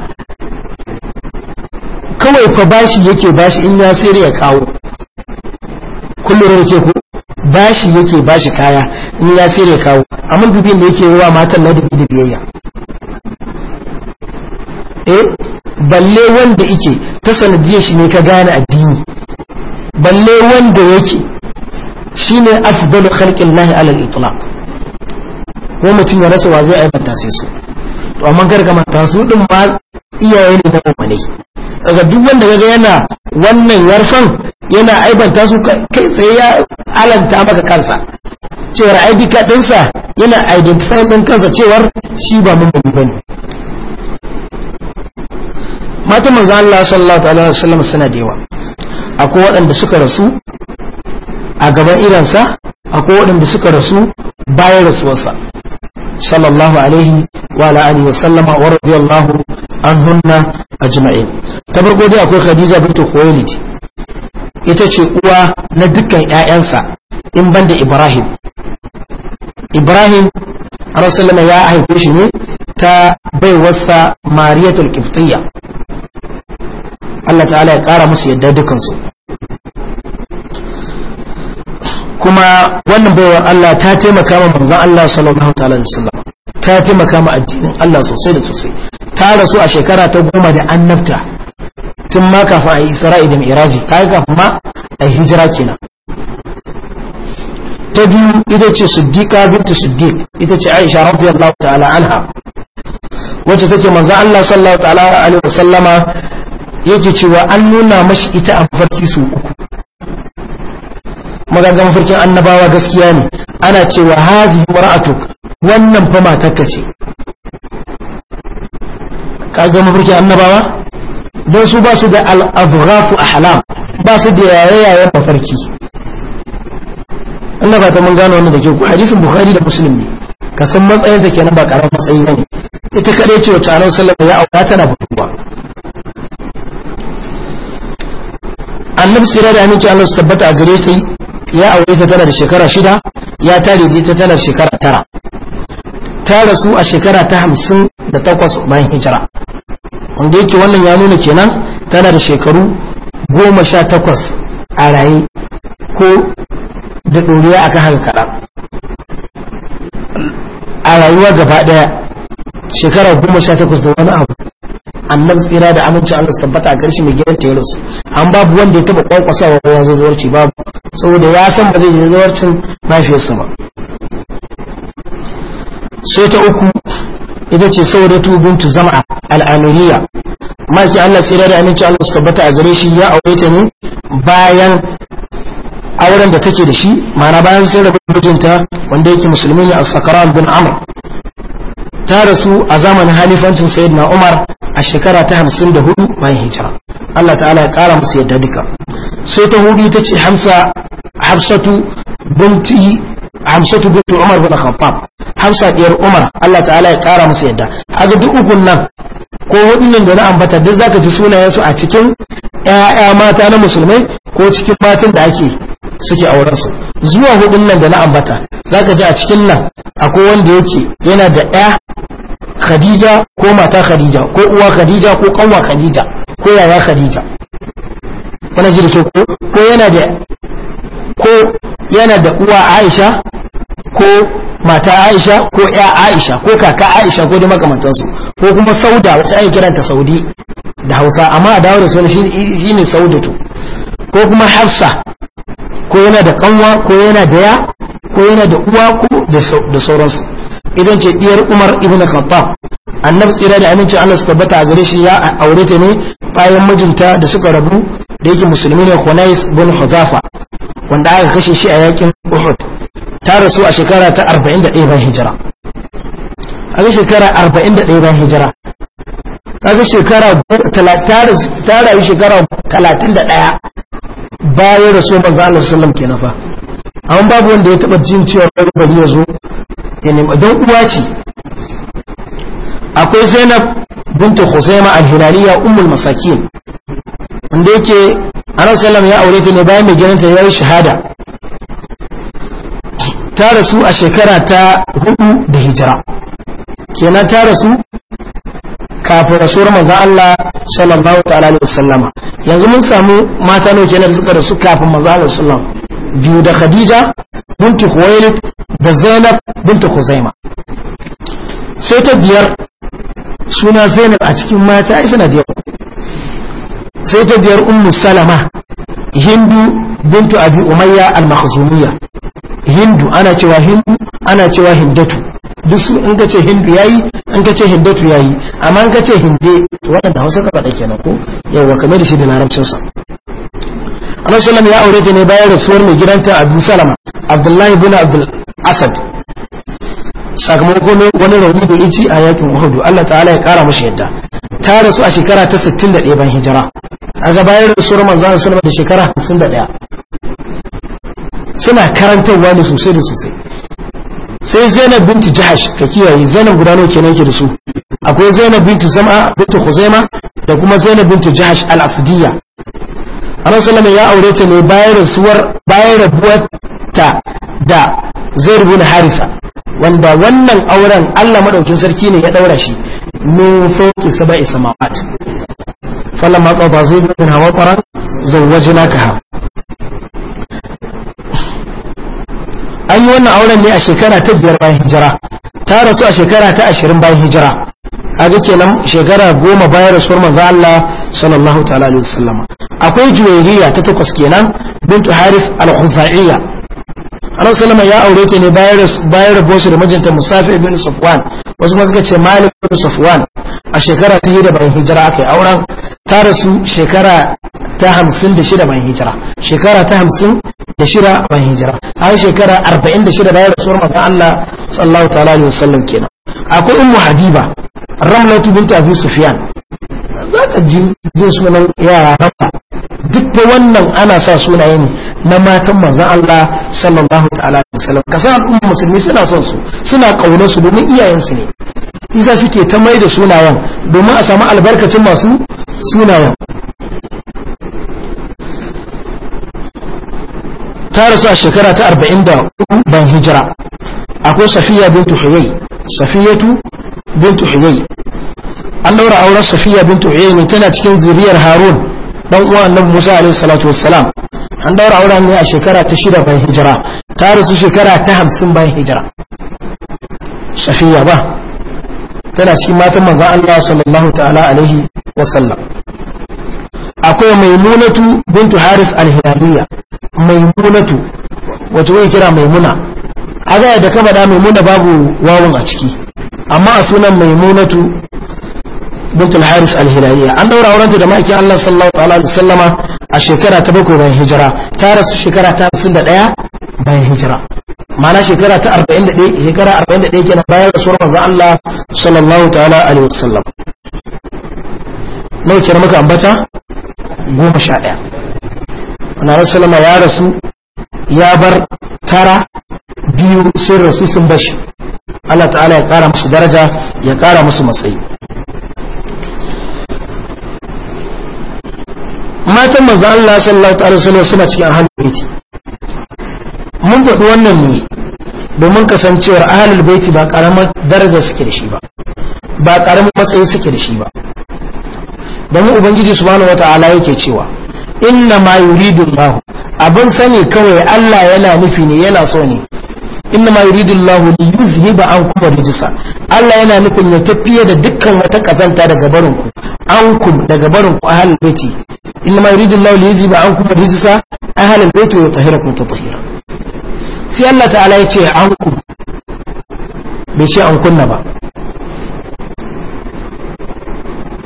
kawai fa bashi yake bashi in ya sayar ya kawo kullum yake ko bashi yake bashi kaya in ya sayar ya kawo amma dubin da yake yawa matan na dubi da biyayya eh balle wanda yake ta sanadiyar shi ne ka gane addini balle wanda yake shine afdalu lahi ala al-itlaq ko mutum ya rasa wa zai aibanta sai su to amma kar ka su din ma iyaye ne kuma ne daga duk wanda ga yana wannan yarfan yana aibanta su kai tsaye ya alanta maka kansa cewar ID card ɗinsa yana identify din kansa cewar shi ba mun bane matan manzo Allah sallallahu alaihi wasallam suna da yawa akwai waɗanda suka rasu a gaban iransa akwai waɗanda suka rasu bayan rasuwarsa sallallahu alaihi wa alihi wa sallama wa radiyallahu an hunna ajma'in ta farko dai akwai khadija bintu khuwailid ita ce uwa na dukkan ƴaƴansa in banda ibrahim ibrahim rasulullahi ya haife shi ne ta baiwarsa mariyatul qibtiyya Allah ta'ala ya kara musu yadda su kuma wannan baiwar Allah ta taimaka ma manzon Allah sallallahu ta'ala alaihi wasallam ta taimaka ma addinin Allah sosai da sosai ta rasu a shekara ta goma da annabta tun ma kafin a yi isra'i da miraji ka yi kafin ma a hijira kenan ta biyu ita ce siddiqa bintu siddiq ita ce aisha radiyallahu ta'ala anha wacce take manzo Allah sallallahu ta'ala Wa sallama? yake cewa an nuna mashi ita a mafarki su uku magagan mafarkin annabawa gaskiya ne ana cewa hadhihi mar'atuk wannan fa matarka ce kaga mafarki annabawa don su ba su da al'adurafu a halam ba su da yayayen mafarki Allah ba ta mun gano wani da ke hadisin buhari da muslim ne ka san matsayin ta kenan ba karar matsayi wani ita kadai ce wa annabi sallallahu ya auka tana fitowa annabi sirra da aminci Allah su tabbata a gare shi ya aure ta tana da shekara shida ya tare da ita tana da shekara tara ta rasu a shekara ta hamsin da takwas bayan hijira wanda yake wannan ya nuna kenan tana da shekaru goma sha takwas a raye ko da ɗoriya aka haka kaɗan a rayuwa gaba ɗaya shekara goma sha takwas da wani abu annabi tsira da aminci Allah su tabbata a ƙarshe mai gidan terus an babu wanda ya taba kwankwasawa wa ya zo zuwarci babu saboda ya san ba zai je zuwarcin mafiyarsa ba sai ta uku ita ce saboda tubuntu zam'a al'amiriya maki Allah tsira da aminci Allah su tabbata a gare shi ya aure ta ne bayan auren da take da shi mana bayan sun rabu mijinta wanda yake musulmi ne al-sakaran bin amr ta rasu a zamanin halifancin na umar a shekara ta 54 bayan hijira Allah ta'ala ya kara musu yadda duka sai ta hudu ita ce hamsa hafsatu binti hamsatu bin umar bin khattab hamsa diyar umar Allah ta'ala ya kara musu yadda kaga duk ukun nan ko waɗannan da na ambata duk zaka ji sunayen su a cikin ƴaƴa mata na musulmai ko cikin matan da ake suke auren su zuwa hudun nan da na ambata zaka ji a cikin nan akwai wanda yake yana da ƴa Khadija ko mata Khadija ko uwa Khadija ko kanwa Khadija ko yaya Khadija wannan ji da ko yana da ko yana da uwa aisha ko mata aisha ko ya aisha ko kaka aisha ko da makamantansu ko kuma sauda wata ake kiranta saudi da hausa amma a dawo da sunan shi ne saudatu ko kuma hafsa ko yana da kanwa ko yana da ya ko yana da uwa ko da sauransu idan ce diyar umar ibn khattab annabi tsira da aminci Allah su Bata a gare shi ya aure ta ne bayan mijinta da suka rabu da yake musulmi ne Hunais bin Huzafa wanda aka kashe shi a yakin Uhud ta rasu a shekara ta 41 bayan hijira a ga shekara 41 bayan hijira A ga shekara ta rayu shekara 31 bayan rasu manzo Allah sallam kenan fa amma babu wanda ya taba jin cewa bari ya zo ya nemi don uwa ce akwai Zainab bintu Khuzaima al-Hilaliya ummul masakin wanda yake anan ya aure ta ne bayan mai gidanta ya yi shahada ta rasu a shekara ta hudu da hijira kenan ta rasu kafin rasuwar manzon Allah sallallahu ta'ala alaihi wasallama yanzu mun samu mata ne kenan da suka rasu kafin manzon Allah sallallahu biyu da Khadija binti Khuwailid da Zainab binti Khuzaima sai ta biyar suna Zainab a cikin mata ai suna da sai ta biyar ummu salama hindu bintu abi umayya al-makhzumiyya hindu ana cewa hindu ana cewa hindatu duk su in kace hindu yayi in kace hindatu yayi amma in kace hinde wannan da Hausa ka bada kenan ko yawa kamar da shi da larabcin sa Allah sallam ya aure ta ne bayan rasuwar mai gidanta Abu Salama Abdullahi ibn Abdul Asad sakamakon wani rauni da yaci a yakin Uhud Allah ta'ala ya kara mashi yadda ta rasu a shekara ta 61 ban hijira a gabayar rasuwar manzan sallama da shekara 51 suna karantarwa ne sosai da sosai sai zainab binti jahash ta kiyaye zainab gudanar kenan ke da su akwai zainab binti zama binti huzaima da kuma zainab binti jahash al-asdiya annabi sallama ya aure ta ne bayan rasuwar bayan rabuwarta da zaid bin harisa wanda wannan auren Allah madaukin sarki ne ya ɗaura shi min an yi wannan auren ne a shekara ta biyar bayan hijira ta rasu a shekara ta ashirin bayan hijira kaga kenan shekara goma bayan rasuwar manzo Allah sallallahu ta'ala akwai juwayriya ta takwas kenan bintu haris al-khuzaiya annabi sallama ya aure ta ne bayan rabuwar da mijinta musafir bin safwan wasu ma suka ce malik bin safwan a shekara ta hida bayan hijira aka yi auren ta rasu shekara ta hamsin da shida bayan hijira shekara ta hamsin da shida bayan hijira A shekara arba'in da shida bayan rasuwar mazan allah sallallahu ta'ala alaihi wasallam kenan akwai ummu habiba rahmatu bintu abi sufyan za ka ji sunan yara rafa duk da wannan ana sa sunaye ne na matan manzon Allah sallallahu ta'ala alaihi wasallam ka al'umma musulmi suna son su suna kauna su domin iyayensu ne isa suke ta mai da sunayen domin a samu albarkacin masu sunayen ta rasu a shekara ta 43 ban hijira akwai safiya bintu huyai safiyatu bintu huyai an daura auren safiya bintu huyai ne tana cikin zuriyar harun dan uwa annabi Musa alaihi salatu wassalam an daura auren ne a shekara ta shida bayan hijira ta rasu shekara ta hamsin bayan hijira shafiya ba tana cikin matan manzo Allah sallallahu ta'ala alaihi wasallam akwai maimunatu bintu haris al-hilaliya maimunatu wato wai kira maimuna aga da kama da maimuna babu wawun a ciki amma a sunan maimunatu bint al-haris al an daura aurenta da ma'aikin Allah sallallahu alaihi a shekara ta bakwai bayan hijira ta rasu shekara ta 51 bayan hijira ma'ana shekara ta 41 shekara 41 kenan bayan rasuwar manzon Allah sallallahu ta'ala alaihi wasallam nau kira muka ambata 11 annabi sallama ya rasu ya bar tara biyu sun rasu sun bashi Allah ta'ala ya kara musu daraja ya kara musu matsayi matan manzo Allah sallallahu alaihi wasallam suna cikin ahlul baiti mun faɗi wannan ne domin kasancewar ahlul baiti ba karamar daraja suke da shi ba ba karamar matsayi suke da shi ba domin ubangiji subhanahu wataala yake cewa inna ma yuridu Allah abin sani kawai Allah yana nufi ne yana so ne inna ma yuridu Allah li yuzhiba ankum rijsa Allah yana nufin ya tafiye da dukkan wata kazanta daga barin ku ankum daga barin ku ahal baiti inna ma yuridu Allah li yuzhiba ankum rijsa ahal baiti wa tahirakum tatahira sai Allah ta'ala ya ce ankum bai ce an kunna ba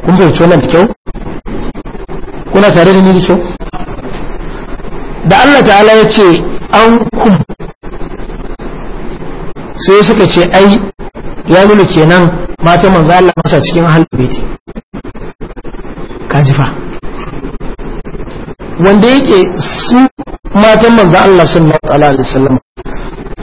kun bai wannan da kyau kuna tare da ni da kyau da Allah ta'ala ya ce ankum sai suka ce ai ya nuna kenan mata manzo Allah masa cikin ahlul baiti kajifa wanda yake su matan manzo Allah sallallahu alaihi wasallam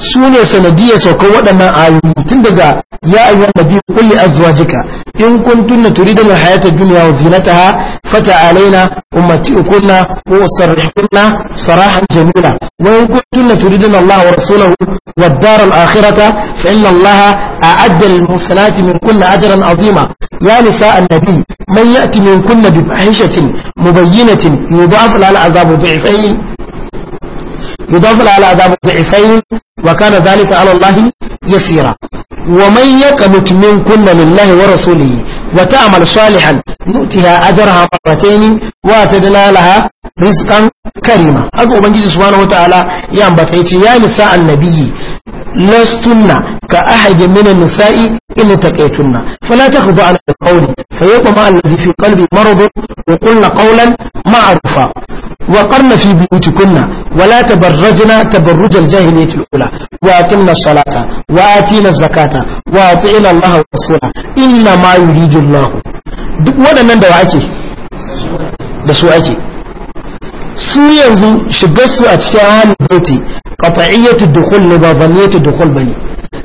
su ne sanadiyar saukar waɗannan ayoyi tun daga ya ayyuhan nabi kulli azwajika in kuntunna turidun hayata dunya wa zinataha fata alaina ummatiukunna wa sarrihkunna sarahan jamila wa in kuntunna turidun Allah wa rasulahu wa ad-dar al-akhirata fa inna Allah a'adda lil muhsanati minkunna ajran 'azima ya nisa annabi nabi man ya'ti minkunna bi fahishatin mubayyinatin yudha'af lahu 'adhabu dhi'fayn يضاف لها العذاب ضعفين وكان ذلك على الله يسيرا ومن يقنت من كل لله ورسوله وتعمل صالحا نؤتها أجرها مرتين واتدنا لها رزقا كريما أقول بنجي سبحانه وتعالى ينبت يا نساء النبي lastunna ka ahadi minan nisa'i in taqaytunna fala takhudu ala alqawli fayatma alladhi fi qalbi marad wa qulna qawlan ma'rufa وقرن في بيوتكن ولا تبرجن تبرج الجاهلية الأولى وأقمنا الصلاة وآتينا الزكاة وأطعنا الله ورسوله إنما يريد الله ودنا دواعي da su ake su yanzu shigar su a cikin halin baiti qat'iyyatu dukhul ne ba baniyatu dukhul bane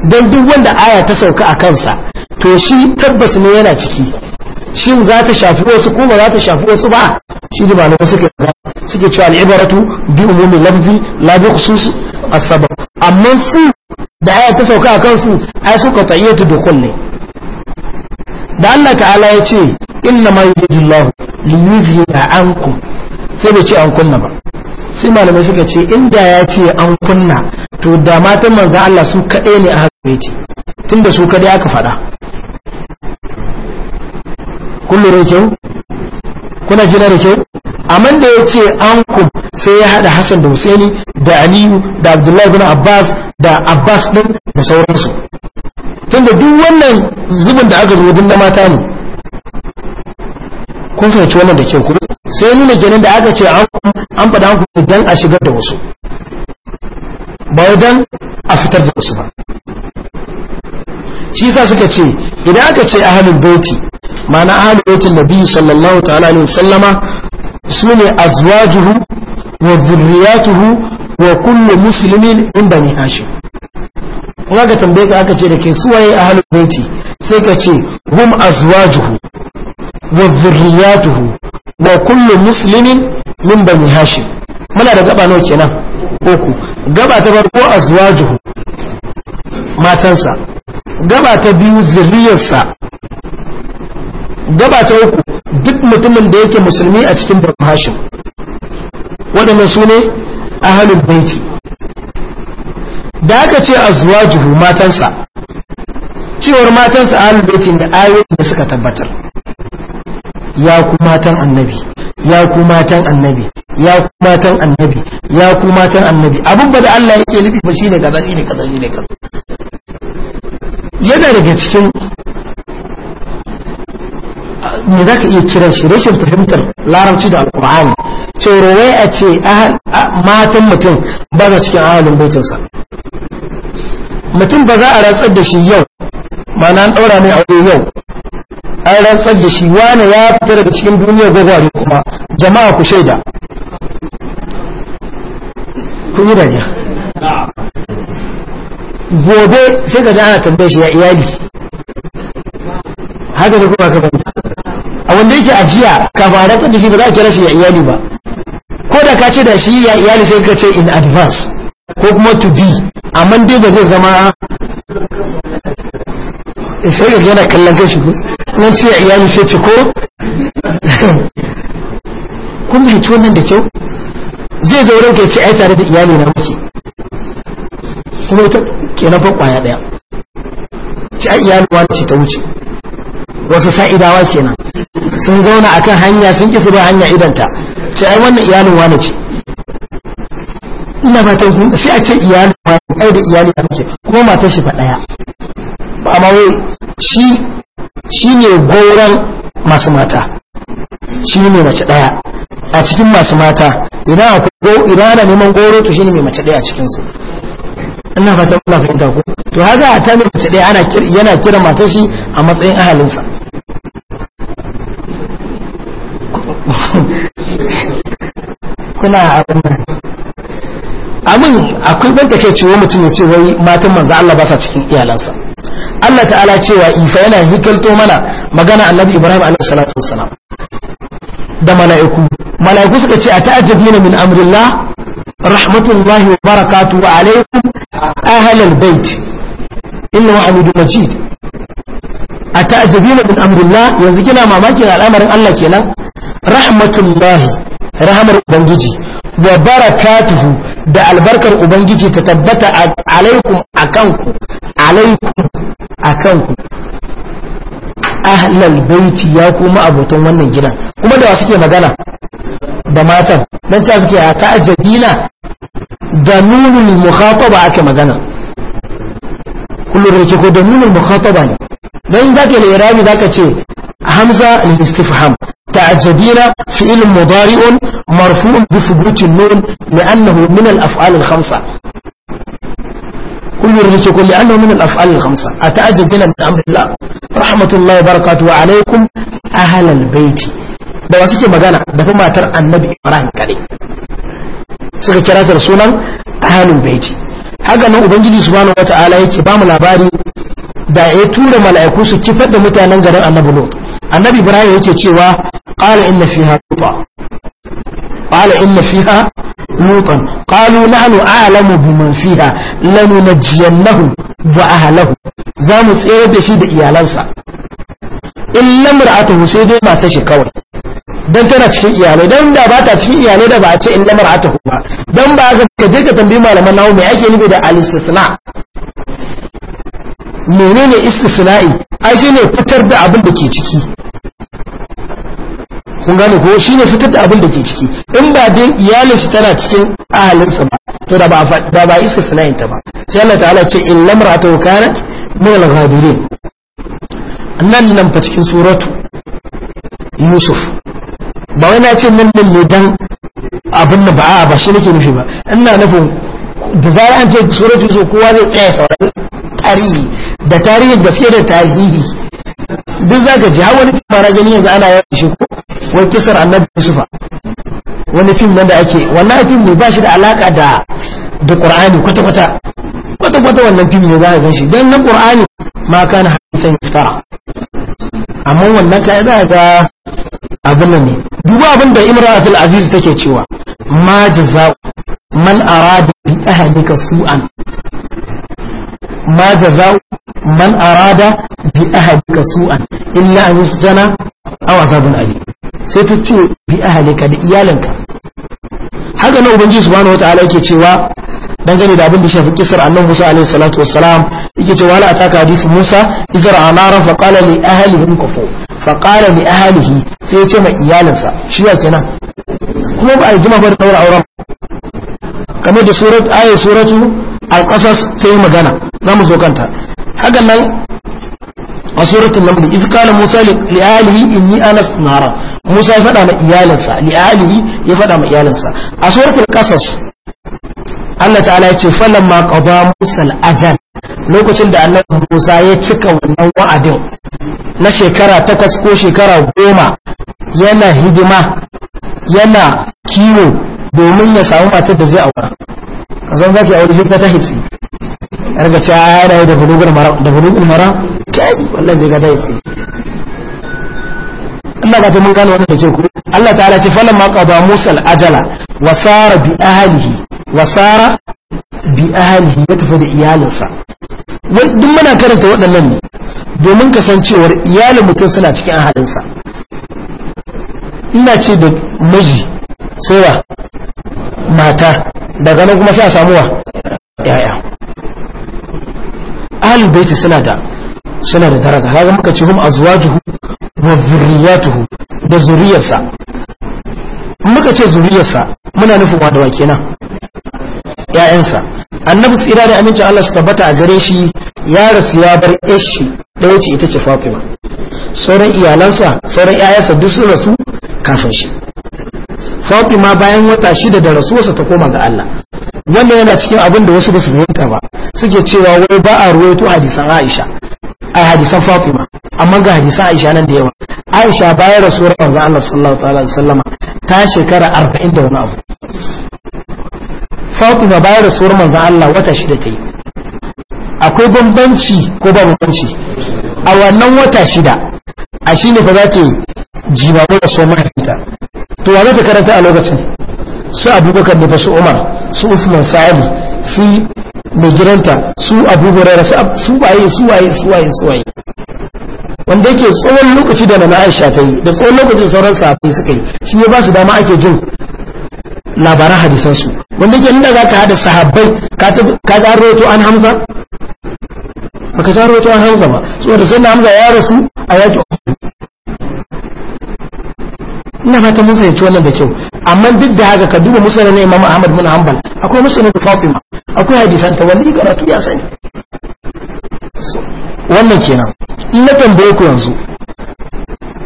dan duk wanda aya ta sauka a kansa to shi tabbas ne yana ciki shin za ta shafi wasu ko ba za ta shafi wasu ba shi ne malamai suke suke cewa al'ibaratu bi umumi lafzi la bi khusus as-sabab amma su da aya ta sauka a kansu ai su qat'iyyatu dukhul ne da Allah ta'ala ya ce inna ma yuridullahu liyuzhiba ankum sai bai ce an kunna ba sai malamai suka ce inda ya ce an kunna to da matan manzan Allah su kaɗai ne a hasbeti tun da su kaɗe aka faɗa kullum da kyau kuna na da kyau amma da ya ce an kun sai ya haɗa hassan da husaini da aliyu da abdullahi bin abbas da abbas ɗin da sauransu tun da duk wannan zubin da aka zo din mata ne kun fahimci wannan da kyau kuma sai nuna kenan da aka ce an fada an don a shigar da wasu ba don a fitar da wasu ba shi sa suka ce idan aka ce ahalul mana mana ahalul baitin nabi sallallahu ta'ala alaihi sallama su ne azwajuhu wa zurriyatuhu wa kullu muslimin inda bani hashi kuma aka tambaye ka aka ce da ke suwaye ahalul baiti sai ka ce hum azwajuhu wa zurriyatuhu wa kullu muslimin min bani hashim muna da gaba nawa kenan uku gaba ta farko azwajuhu matansa gaba ta biyu zuriyarsa gaba ta uku duk mutumin da yake musulmi a cikin bani hashim waɗannan su ne ahalul baiti da aka ce azwajuhu matansa cewar matansa ahalul baiti da ayoyin da suka tabbatar ya ku matan annabi ya ku matan annabi ya ku matan annabi ya ku matan annabi abin ba da Allah yake nufi ba shine kaza shine kaza shine kaza yana daga cikin me za ka iya kiran shi rashin fahimtar larabci da alkur'ani to wai a ce matan mutum ba za cikin ahalin bautinsa mutum ba za a ratsar da shi yau mana an ɗaura mai aure yau an rantsar da shi wane ya fita daga cikin duniyar gwagware kuma jama'a ku shaida kun yi dariya gobe sai ka ana tambaye shi ya iyali haka da kuma kaban a wanda yake ajiya ka ba rantsar da shi ba za a kira shi ya iyali ba ko da ka ce da shi ya iyali sai ka ce in advance ko kuma to be amma dai ba zai zama sai ga yana kallon kashi ko nan ce a iyali sai ce ko kun fahimci nan da kyau zai zo ranka ya ce ai tare da iyali na muke kuma ita kenan fa kwaya daya ci ai iyali wani ce ta wuce wasu sa'idawa kenan sun zauna akan hanya sun ki su ba hanya idanta ce ai wannan iyalin wani ce ina fatan kun sai a ce iyalin wani ai da iyali na muke kuma matar shi fa daya ba wai shi shi ne gauran masu mata shi ne mace daya a cikin masu mata idan akwai idan ana neman goro to shi ne mai mace daya a cikin su ina fatan kuna fahimta ku to haka a ta mace daya ana yana kira mata shi a matsayin ahalinsa kuna abin amin akwai ban take cewa mutum ya ce wai matan manzo Allah ba sa cikin iyalansa Allah ta'ala cewa ifa yana hikalto mana magana annabi Ibrahim alaihi salatu wassalam da mala'iku mala'iku suka ce ata'ajabina min amrillah rahmatullahi wa barakatuhu alaikum ahlal bait innahu hamidun majid ata'ajabina min amrillah yanzu kina mamakin al'amarin Allah kenan rahmatullahi rahamar ubangiji wa barakatuhu da albarkar ubangiji ta tabbata alaikum akanku alaikum akanku ahlal baiti ya kuma abotan wannan gidan kuma da wasu ke magana da matan dan ta suke a ajabina da nunul mukhataba ake magana kullu ko da nunul mukhataba ne dan zaka lirabi zaka ce hamza al-istifham تعجبين فعل مضارع مرفوع بثبوت النون لأنه من الأفعال الخمسة كل يرجس يقول لأنه من الأفعال الخمسة أتعجبين من أمر الله رحمة الله وبركاته عليكم أهل البيت da wasu ke magana da fi matar annabi ibrahim kare suka kira ta sunan ahalul baiti haka nan ubangiji subhanahu wataala yake ba mu labari da ya tura mala'iku su kifar da mutanen garin annabi lot annabi ibrahim yake cewa qala inna fiha lutan qala inna fiha lutan qalu nahnu a'lamu biman fiha lanunajjiyannahu wa ahlihi za mu tsere da shi da iyalansa in lamra'atuhu sai dai mata shi kawai dan tana cikin iyalai dan da ba ta cikin iyalai da ba a ce in lamra'atuhu ba dan ba ka je ka tambayi malaman nawo me ake nufi da al-istisna menene istifla'i ai shine fitar da abin da ke ciki kun gane ko shine fitar da abin da ke ciki in ba dai iyalin shi tana cikin ahalinsa ba to da ba da ba istifla'i ta ba sai Allah ta'ala ce in lamratu kanat min al-ghabirin annan nan fa cikin suratu Yusuf ba wai na ce nan nan ne dan abin da ba a ba shi nake nufi ba ina nufin da zara an ce suratu Yusuf kowa zai tsaya saurari tari da tarihin gaske da tarihi duk za ka ji wani fara gani yanzu ana yawan shi ko wani kisar annabi yusufa wani fim nan da ake wannan fim ne ba shi da alaka da da qur'ani kwata kwata kwata kwata wannan fim ne za ka ganshi dan nan qur'ani ma kana hadisan yuftara amma wannan kai za ka abin nan ne duba abin da imratul aziz take cewa ma jaza'u man arada bi ahlika su'an ma jaza'u man arada bi ahalika su'an illa an yusjana aw azabun alim sai ta ce bi ahalika da iyalanka. haka nan ubangiji subhanahu wataala yake cewa dangane da abin da shafi kisar annan musa alaihi salatu wassalam yake cewa la ataka hadithu musa idra anara fa qala li ahlihi kufu fa qala li ahlihi sai ya ce ma iyalansa. shi ya kenan kuma ba a jima ba da daura auren kamar da surat ayat suratu al-qasas ta yi magana za mu zo kanta haka nan a suratul naml idh qala musa li inni anas nara musa ya faɗa ma iyalinsa li ya fada ma iyalinsa a suratun qasas Allah ta'ala ya ce falamma qada musa al-ajal lokacin da annabi musa ya cika wannan wa'adin na shekara takwas ko shekara goma yana hidima yana kiwo domin ya samu matar da zai aura kazan zaki aure shi ta hitsi yarga ce a yi da bulugul mara da bulugul mara kai wallahi zai ga dai Allah ba ta mun gano wannan da ke ku Allah ta'ala ce falan ma qada Musa al-ajala wa sara bi ahlihi wa sara bi ahlihi ya tafi da iyalinsa wai duk muna karanta waɗannan ne domin kasancewar iyalin mutum suna cikin ahalinsa ina ce da miji sai wa mata daga nan kuma sai a samuwa yaya ahlul baiti suna da suna da daraja kaga muka ce hum azwajuhu wa zurriyatuhu da zuriyarsa muka ce zuriyarsa muna nufin wa da kenan ƴaƴansa annabi tsira da aminci Allah su tabbata a gare shi ya rasu ya bar ishi ɗaya ce ita ce Fatima sauran iyalansa sauran ƴaƴansa duk sun rasu kafin shi Fatima bayan wata shida da rasuwarsa ta koma ga Allah wannan yana cikin abin da wasu ba su fahimta ba suke cewa wai ba a ruwaito hadisan Aisha a hadisan Fatima amma ga hadisan Aisha nan da yawa Aisha bayan rasuwar Allah sallallahu ta'ala alaihi sallama ta shekara 40 da wani abu Fatima bayan rasuwar manzo Allah wata shida ta yi akwai bambanci ko ba bambanci a wannan wata shida a shine fa za ta yi jimamu da so mahaifinta to wa ta karanta a lokacin su abubakar da su umar su usman sa'adi su mai jiranta su abu hurera su waye su waye su waye su waye wanda yake tsawon lokaci da nana aisha ta yi da tsawon da sauran sahabbai suka yi shi ya ba su dama ake jin labaran hadisan su wanda yake inda zaka hada sahabbai ka ga rawaito an hamza baka ta rawaito an hamza ba saboda sai hamza ya rasu a yaki ina fata mun fahimci wannan da kyau amma duk da haka ka duba musulun na imam ahmad bin hanbal akwai musulun da fatima akwai hadisan ta wani karatu ya sani wannan kenan in na tambaye ku yanzu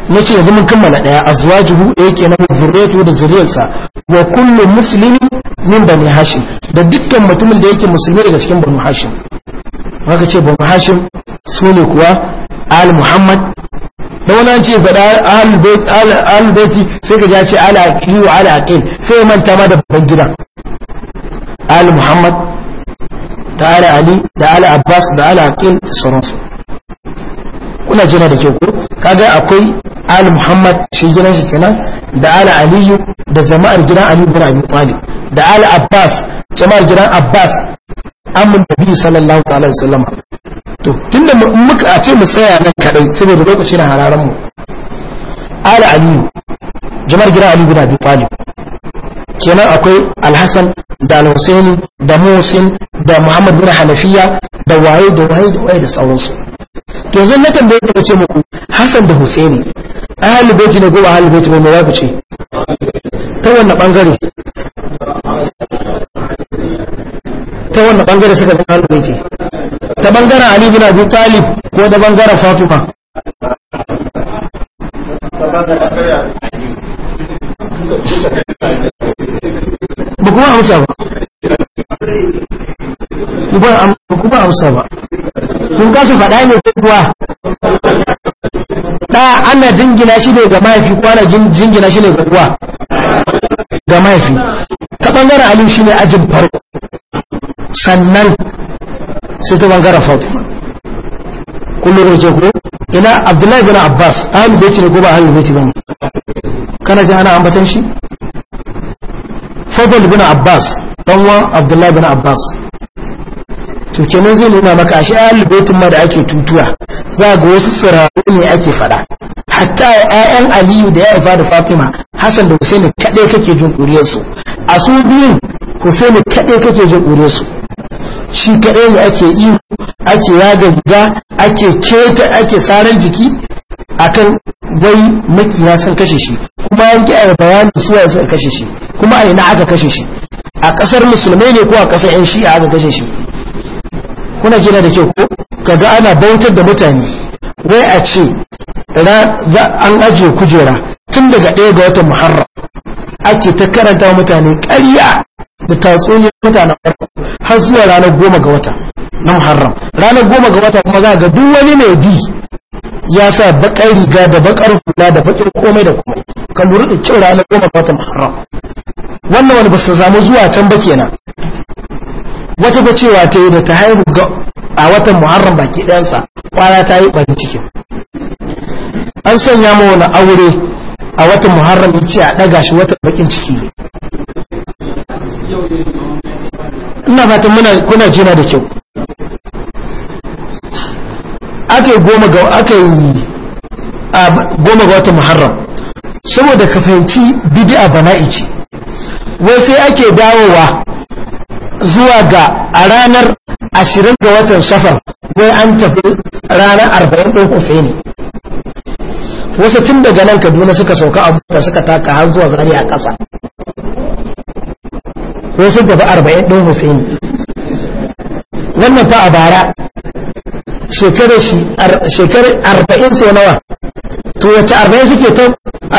na ce yanzu mun kammala daya azwajuhu yake na zurretu da zuriyarsa wa kullu muslimin min bani hashim da dukkan mutumin da yake musulmi daga cikin bani hashim haka ce bani hashim su kuwa al muhammad da wani an ce faɗa albaiti sai ka ja ce alaƙi wa alaƙin sai manta ma da babban gida al muhammad da ala ali da ala abbas da ala da sauransu kuna jina da kyau ko kaga akwai al muhammad shi gidan shi kenan da ala aliyu da jama'ar gidan ali bin abi talib da ala abbas jama'ar gidan abbas amul biyu sallallahu alaihi wasallam to tunda muka a ce mu tsaya nan kadai saboda lokaci na hararan mu ala aliyu jamar gida aliyu guda biyu talib kenan akwai alhassan da alhussaini da musin da muhammad bin hanafiya da waye da waye da waye da sauransu to yanzu na tambaye ku ce muku hassan da husaini ahlul baiti ne ko ba ahlul baiti ba me za ku ce ta wannan bangare ta wannan bangare suka zama ahlul baiti ta bangara Ali bin Abi Talib ko da bangaren Fatima ba kuma amsa ba ba kuma amsa ba kun kasu faɗa ne ko kuwa da ana jingina shi ne ga mahaifi kwana jingina shi ne ga kuwa ga mahaifi ta ɓangaren aliyu shi ne ajin farko sannan sai ta bangaren fatima kullum da ke ko ina abdullahi bin abbas ahalul baiti ne ko ba ahalul baiti ba ne kana ji ana ambatan shi fadl bin abbas dan wa abdullahi bin abbas to kenan zai nuna maka shi ahalul baitin ma da ake tutuwa za ga wasu sirarru ne ake fada hatta ƴaƴan aliyu da ya haifa da fatima hasan da husaini kadai kake jin kuriyar su a su biyun husaini kadai kake jin kuriyar su shi kaɗai ne ake yi ake yaga guda ake keta ake tsarar jiki akan wai makiya san kashe shi kuma an ki a bayanin suwa sun kashe shi kuma a ina aka kashe shi a ƙasar musulmai ne ko a ƙasar yan shi'a aka kashe shi kuna jira da kyau ko kaga ana bautar da mutane wai a ce an ajiye kujera tun daga ɗaya ga watan muharram ake ta karanta mutane ƙarya da tatsuniyar mutanen farko har zuwa ranar goma ga wata na muharram ranar goma ga wata kuma za ga duk wani mai bi ya sa bakar riga da bakar hula da bakar komai da komai ka lura da kyau ranar goma ga wata muharram wannan wani ba su zuwa can ba kenan wata ba cewa ta yi da ta haihu ga a watan muharram baki ɗansa kwana ta yi ɓarin cikin an sanya ma wani aure a watan muharram ya ce a ɗaga shi watan bakin ciki ne ina fatan muna kuna jina da kyau aka goma ga aka yi goma ga wata muharram saboda ka fahimci bid'a bana'i ce wai sai ake dawowa zuwa ga a ranar ashirin ga watan safar wai an tafi ranar arba'in ɗin husaini wasu tun daga nan kaduna suka sauka abuka suka taka har zuwa zariya a ƙasa ko sun tafi arba'in ɗin husaini wannan fa a bara shekarar arba'in sau nawa to wace arba'in suke ta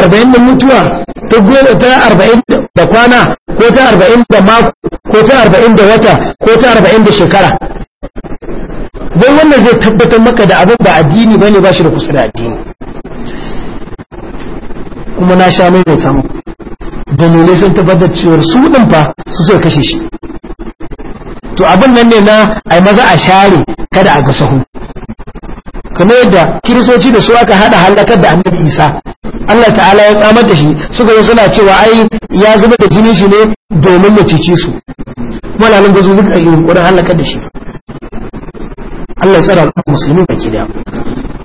arba'in da mutuwa ta goma ta arba'in da kwana ko ta arba'in da mako ko ta arba'in da wata ko ta arba'in da shekara don wannan zai tabbatar maka da abin ba addini ba ne ba shi da kusa da addini kuma na sha mai mai samu dalilai sun tabbatar cewar su din fa su so kashe shi to abin nan ne na ai maza a share kada a ga sahu kamar yadda kirisoci da su aka hada halakar da annabi isa Allah ta'ala ya tsamar da shi suka yi suna cewa ai ya zuba da jini shi ne domin ya cece su wala nan da su suka yi wurin halakar da shi Allah ya tsara musulmi ke da.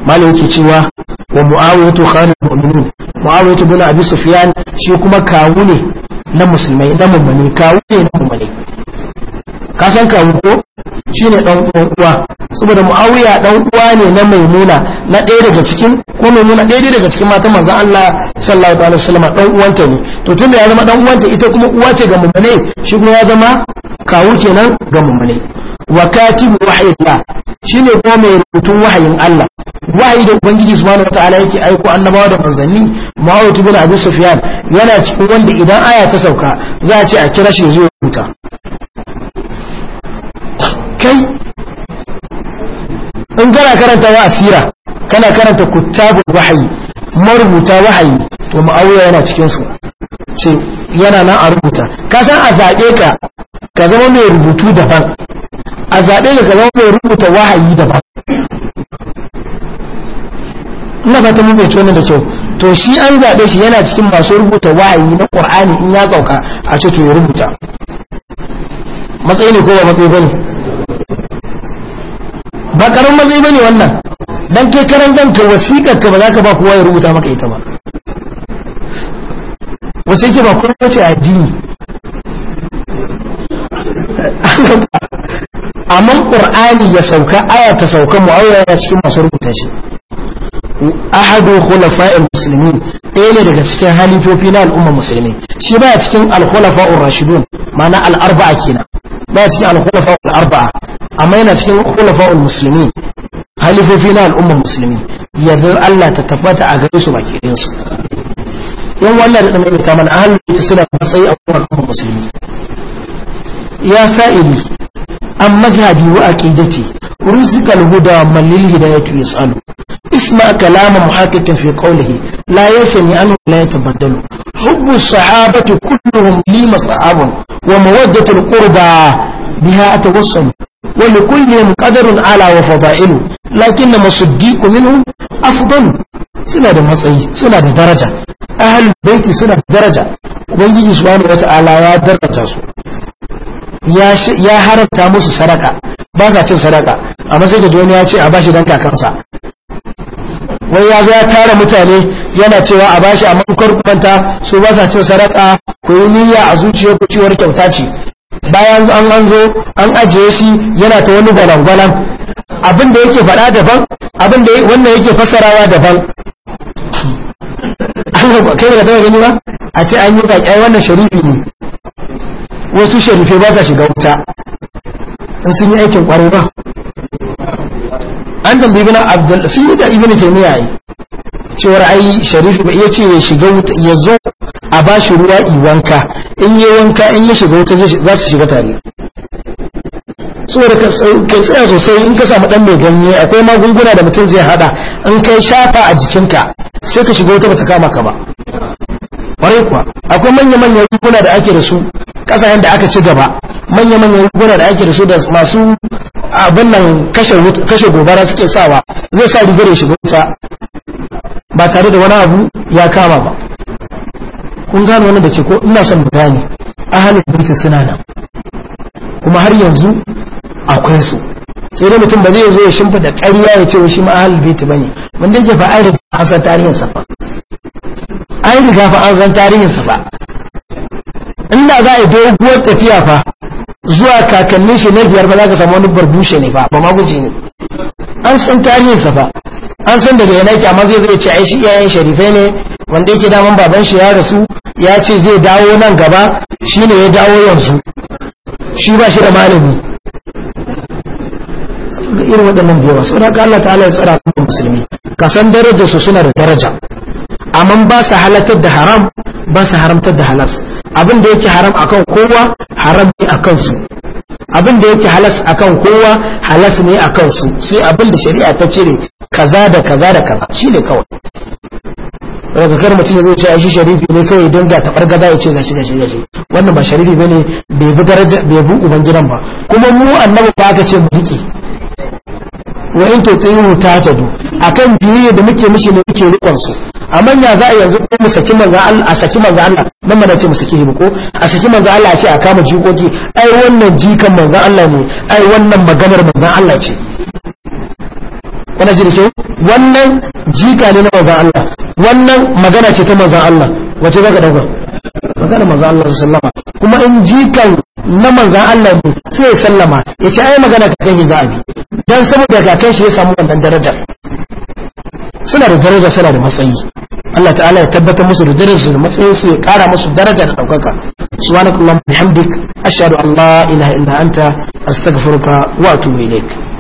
malam yake cewa wa mu'awiyatu khalid mu'minin muawiya ibn abi sufyan shi kuma kawu ne na musulmai na mummune kawu ne na mummune ka san kawu ko shine dan uwan uwa saboda muawiya dan uwa ne na maimuna na ɗaya daga cikin ko maimuna ɗaya daga cikin matan manzon Allah sallallahu alaihi wasallam dan uwanta ne to tun da ya zama dan uwanta ita kuma uwa ce ga mummune shi kuma ya zama kawu kenan ga mummune wa katibu wahayillah shine ko mai rubutun wahayin Allah wahayi da ubangiji subhanahu wataala yake aiko annabawa da manzanni ma'awutu bin abu sufyan yana cikin wanda idan aya ta sauka za a ce a kira shi zuwa rubuta kai in kana karanta wa asira kana karanta kutabul wahayi marubuta wahayi to ma'auya yana cikin su sai yana nan a rubuta ka san a zaɓe ka ka zama mai rubutu daban a zaɓe da zama rubuta wahayi da ba ina fata mu bai tona da kyau to shi an zaɓe shi yana cikin masu rubuta wahayi na ƙur'ani in ya tsauka a ce to ya rubuta matsayi ne ko ba matsayi bane ba karamin matsayi bane wannan dan kai karan kanka wasiƙar ka ba za ka ba kowa ya rubuta maka ita ba wace ke ba kuma wace addini amma ƙur'ani ya sauka aya ta sauka muawiya yana cikin masu rubuta shi ahadu khulafa'il muslimin ɗaya ne daga cikin halifofi na al'umma musulmi shi baya cikin al-khulafa'ur rashidun ma'ana al-arba'a kenan baya cikin al-khulafa'ul arba'a amma yana cikin khulafa'ul muslimin halifofi na al'umma musulmi yardar Allah ta tabbata a gare su baki ɗayan su yan wannan da mai ta mana ahlul suna matsayi a al'umma musulmi ya sa'ili an mazhabi wa aqidati rizqal huda man ya hidayati yasalu isma kalama muhaqqiqan fi qawlihi la yasni an la yatabaddalu hubbu sahabati kulluhum li masabun wa mawaddatu al qurba biha atawassalu wa li kullin qadarun ala wa fada'ilu lakin masiddiqu minhum afdalu suna da matsayi suna da daraja ahlul baiti suna da daraja ubangiji subhanahu wa ta'ala ya daraja su ya haramta musu sadaka ba sa cin sadaka amma sai ga wani ya ce a bashi dan kakansa wai ya zo ya tara mutane yana cewa a bashi amma kar ku su ba sa cin sadaka ku yi niyya a zuciyar ku ciwar kyauta ce bayan an an zo an ajiye shi yana ta wani gwalangwalan abin da yake faɗa daban abin da wannan yake fassarawa daban kai da ta gani ba a ce an yi baƙi wannan sharifi ne wasu sharife ba sa shiga wuta in sun yi aikin kwarai ba an tambayi bana abdul sun yi da ibn taymiya yi cewar ai sharif ba iya ce ya shiga wuta ya zo a ba shi ruwa i wanka in yi wanka in ya shiga wuta za su shiga tare saboda ka tsaya sosai in ka samu dan mai ganye akwai magunguna da mutum zai hada in kai shafa a jikinka sai ka shiga wuta ba ta kama ka ba kwarai kuwa akwai manya-manyan rukuna da ake da su kasashen da aka ci gaba manya-manyan riguna da ake da su da masu abin nan kashe gobara suke sawa zai sa rigar ya shiga wuta ba tare da wani abu ya kama ba kun gano wani da ke ko ina son gane ahalin birki suna nan kuma har yanzu akwai su sai dai mutum ba zai zo ya shimfa da ƙarya ya ce shi ma ahalin birki ne wanda yake fa an riga an san tarihin ba. an riga fa an san tarihinsa ba. inda za a yi doguwar tafiya fa zuwa kakannin shi na biyar ba za ka samu wani barbushe ne fa ba ma guji ne an san tarihinsa fa an san daga yana ki amma zai zai ce ai iyayen sharifai ne wanda yake daman baban shi ya rasu ya ce zai dawo nan gaba shi ne ya dawo yanzu shi ba shi da malami irin waɗannan biyawa saboda Allah ta'ala ya tsara musulmi kasan san su suna da daraja amma ba su halatar da haram ba su haramtar da halas abin da yake haram akan kowa haram ne akan su abin da yake halas akan kowa halas ne akan su sai abin da shari'a ta cire kaza da kaza da kaza shine kawai daga kar mutum ya zo ce shi sharifi ne kawai don ga tabar gaza ya ce gashi gashi gashi wannan ba sharifi bane bai bi daraja bai bi ubangidan ba kuma mu annabi ba aka ce mu riki. wa in ta tadu akan biye da muke mishi ne muke rikon su amma ya za a yanzu ko mu saki manzo Allah a saki manzo Allah nan mana ce mu saki hibu ko a saki manzo Allah a ce a kama jikoki ai wannan jikan manzo Allah ne ai wannan maganar manzo Allah ce wannan jirke wannan jika ne na manzo Allah wannan magana ce ta manzo Allah wace zaka dauka magana manzo Allah sallama kuma in jikan na manzo Allah ne sai sallama yace ai magana kakan kai ga abi bi dan saboda kai shi ya samu wannan darajar suna da daraja suna da matsayi Allah ta'ala ya tabbatar musu da daraja da matsayin su ya kara musu daraja da daukaka subhanakallahumma bihamdik ashhadu an la ilaha illa anta astaghfiruka wa atubu ilaik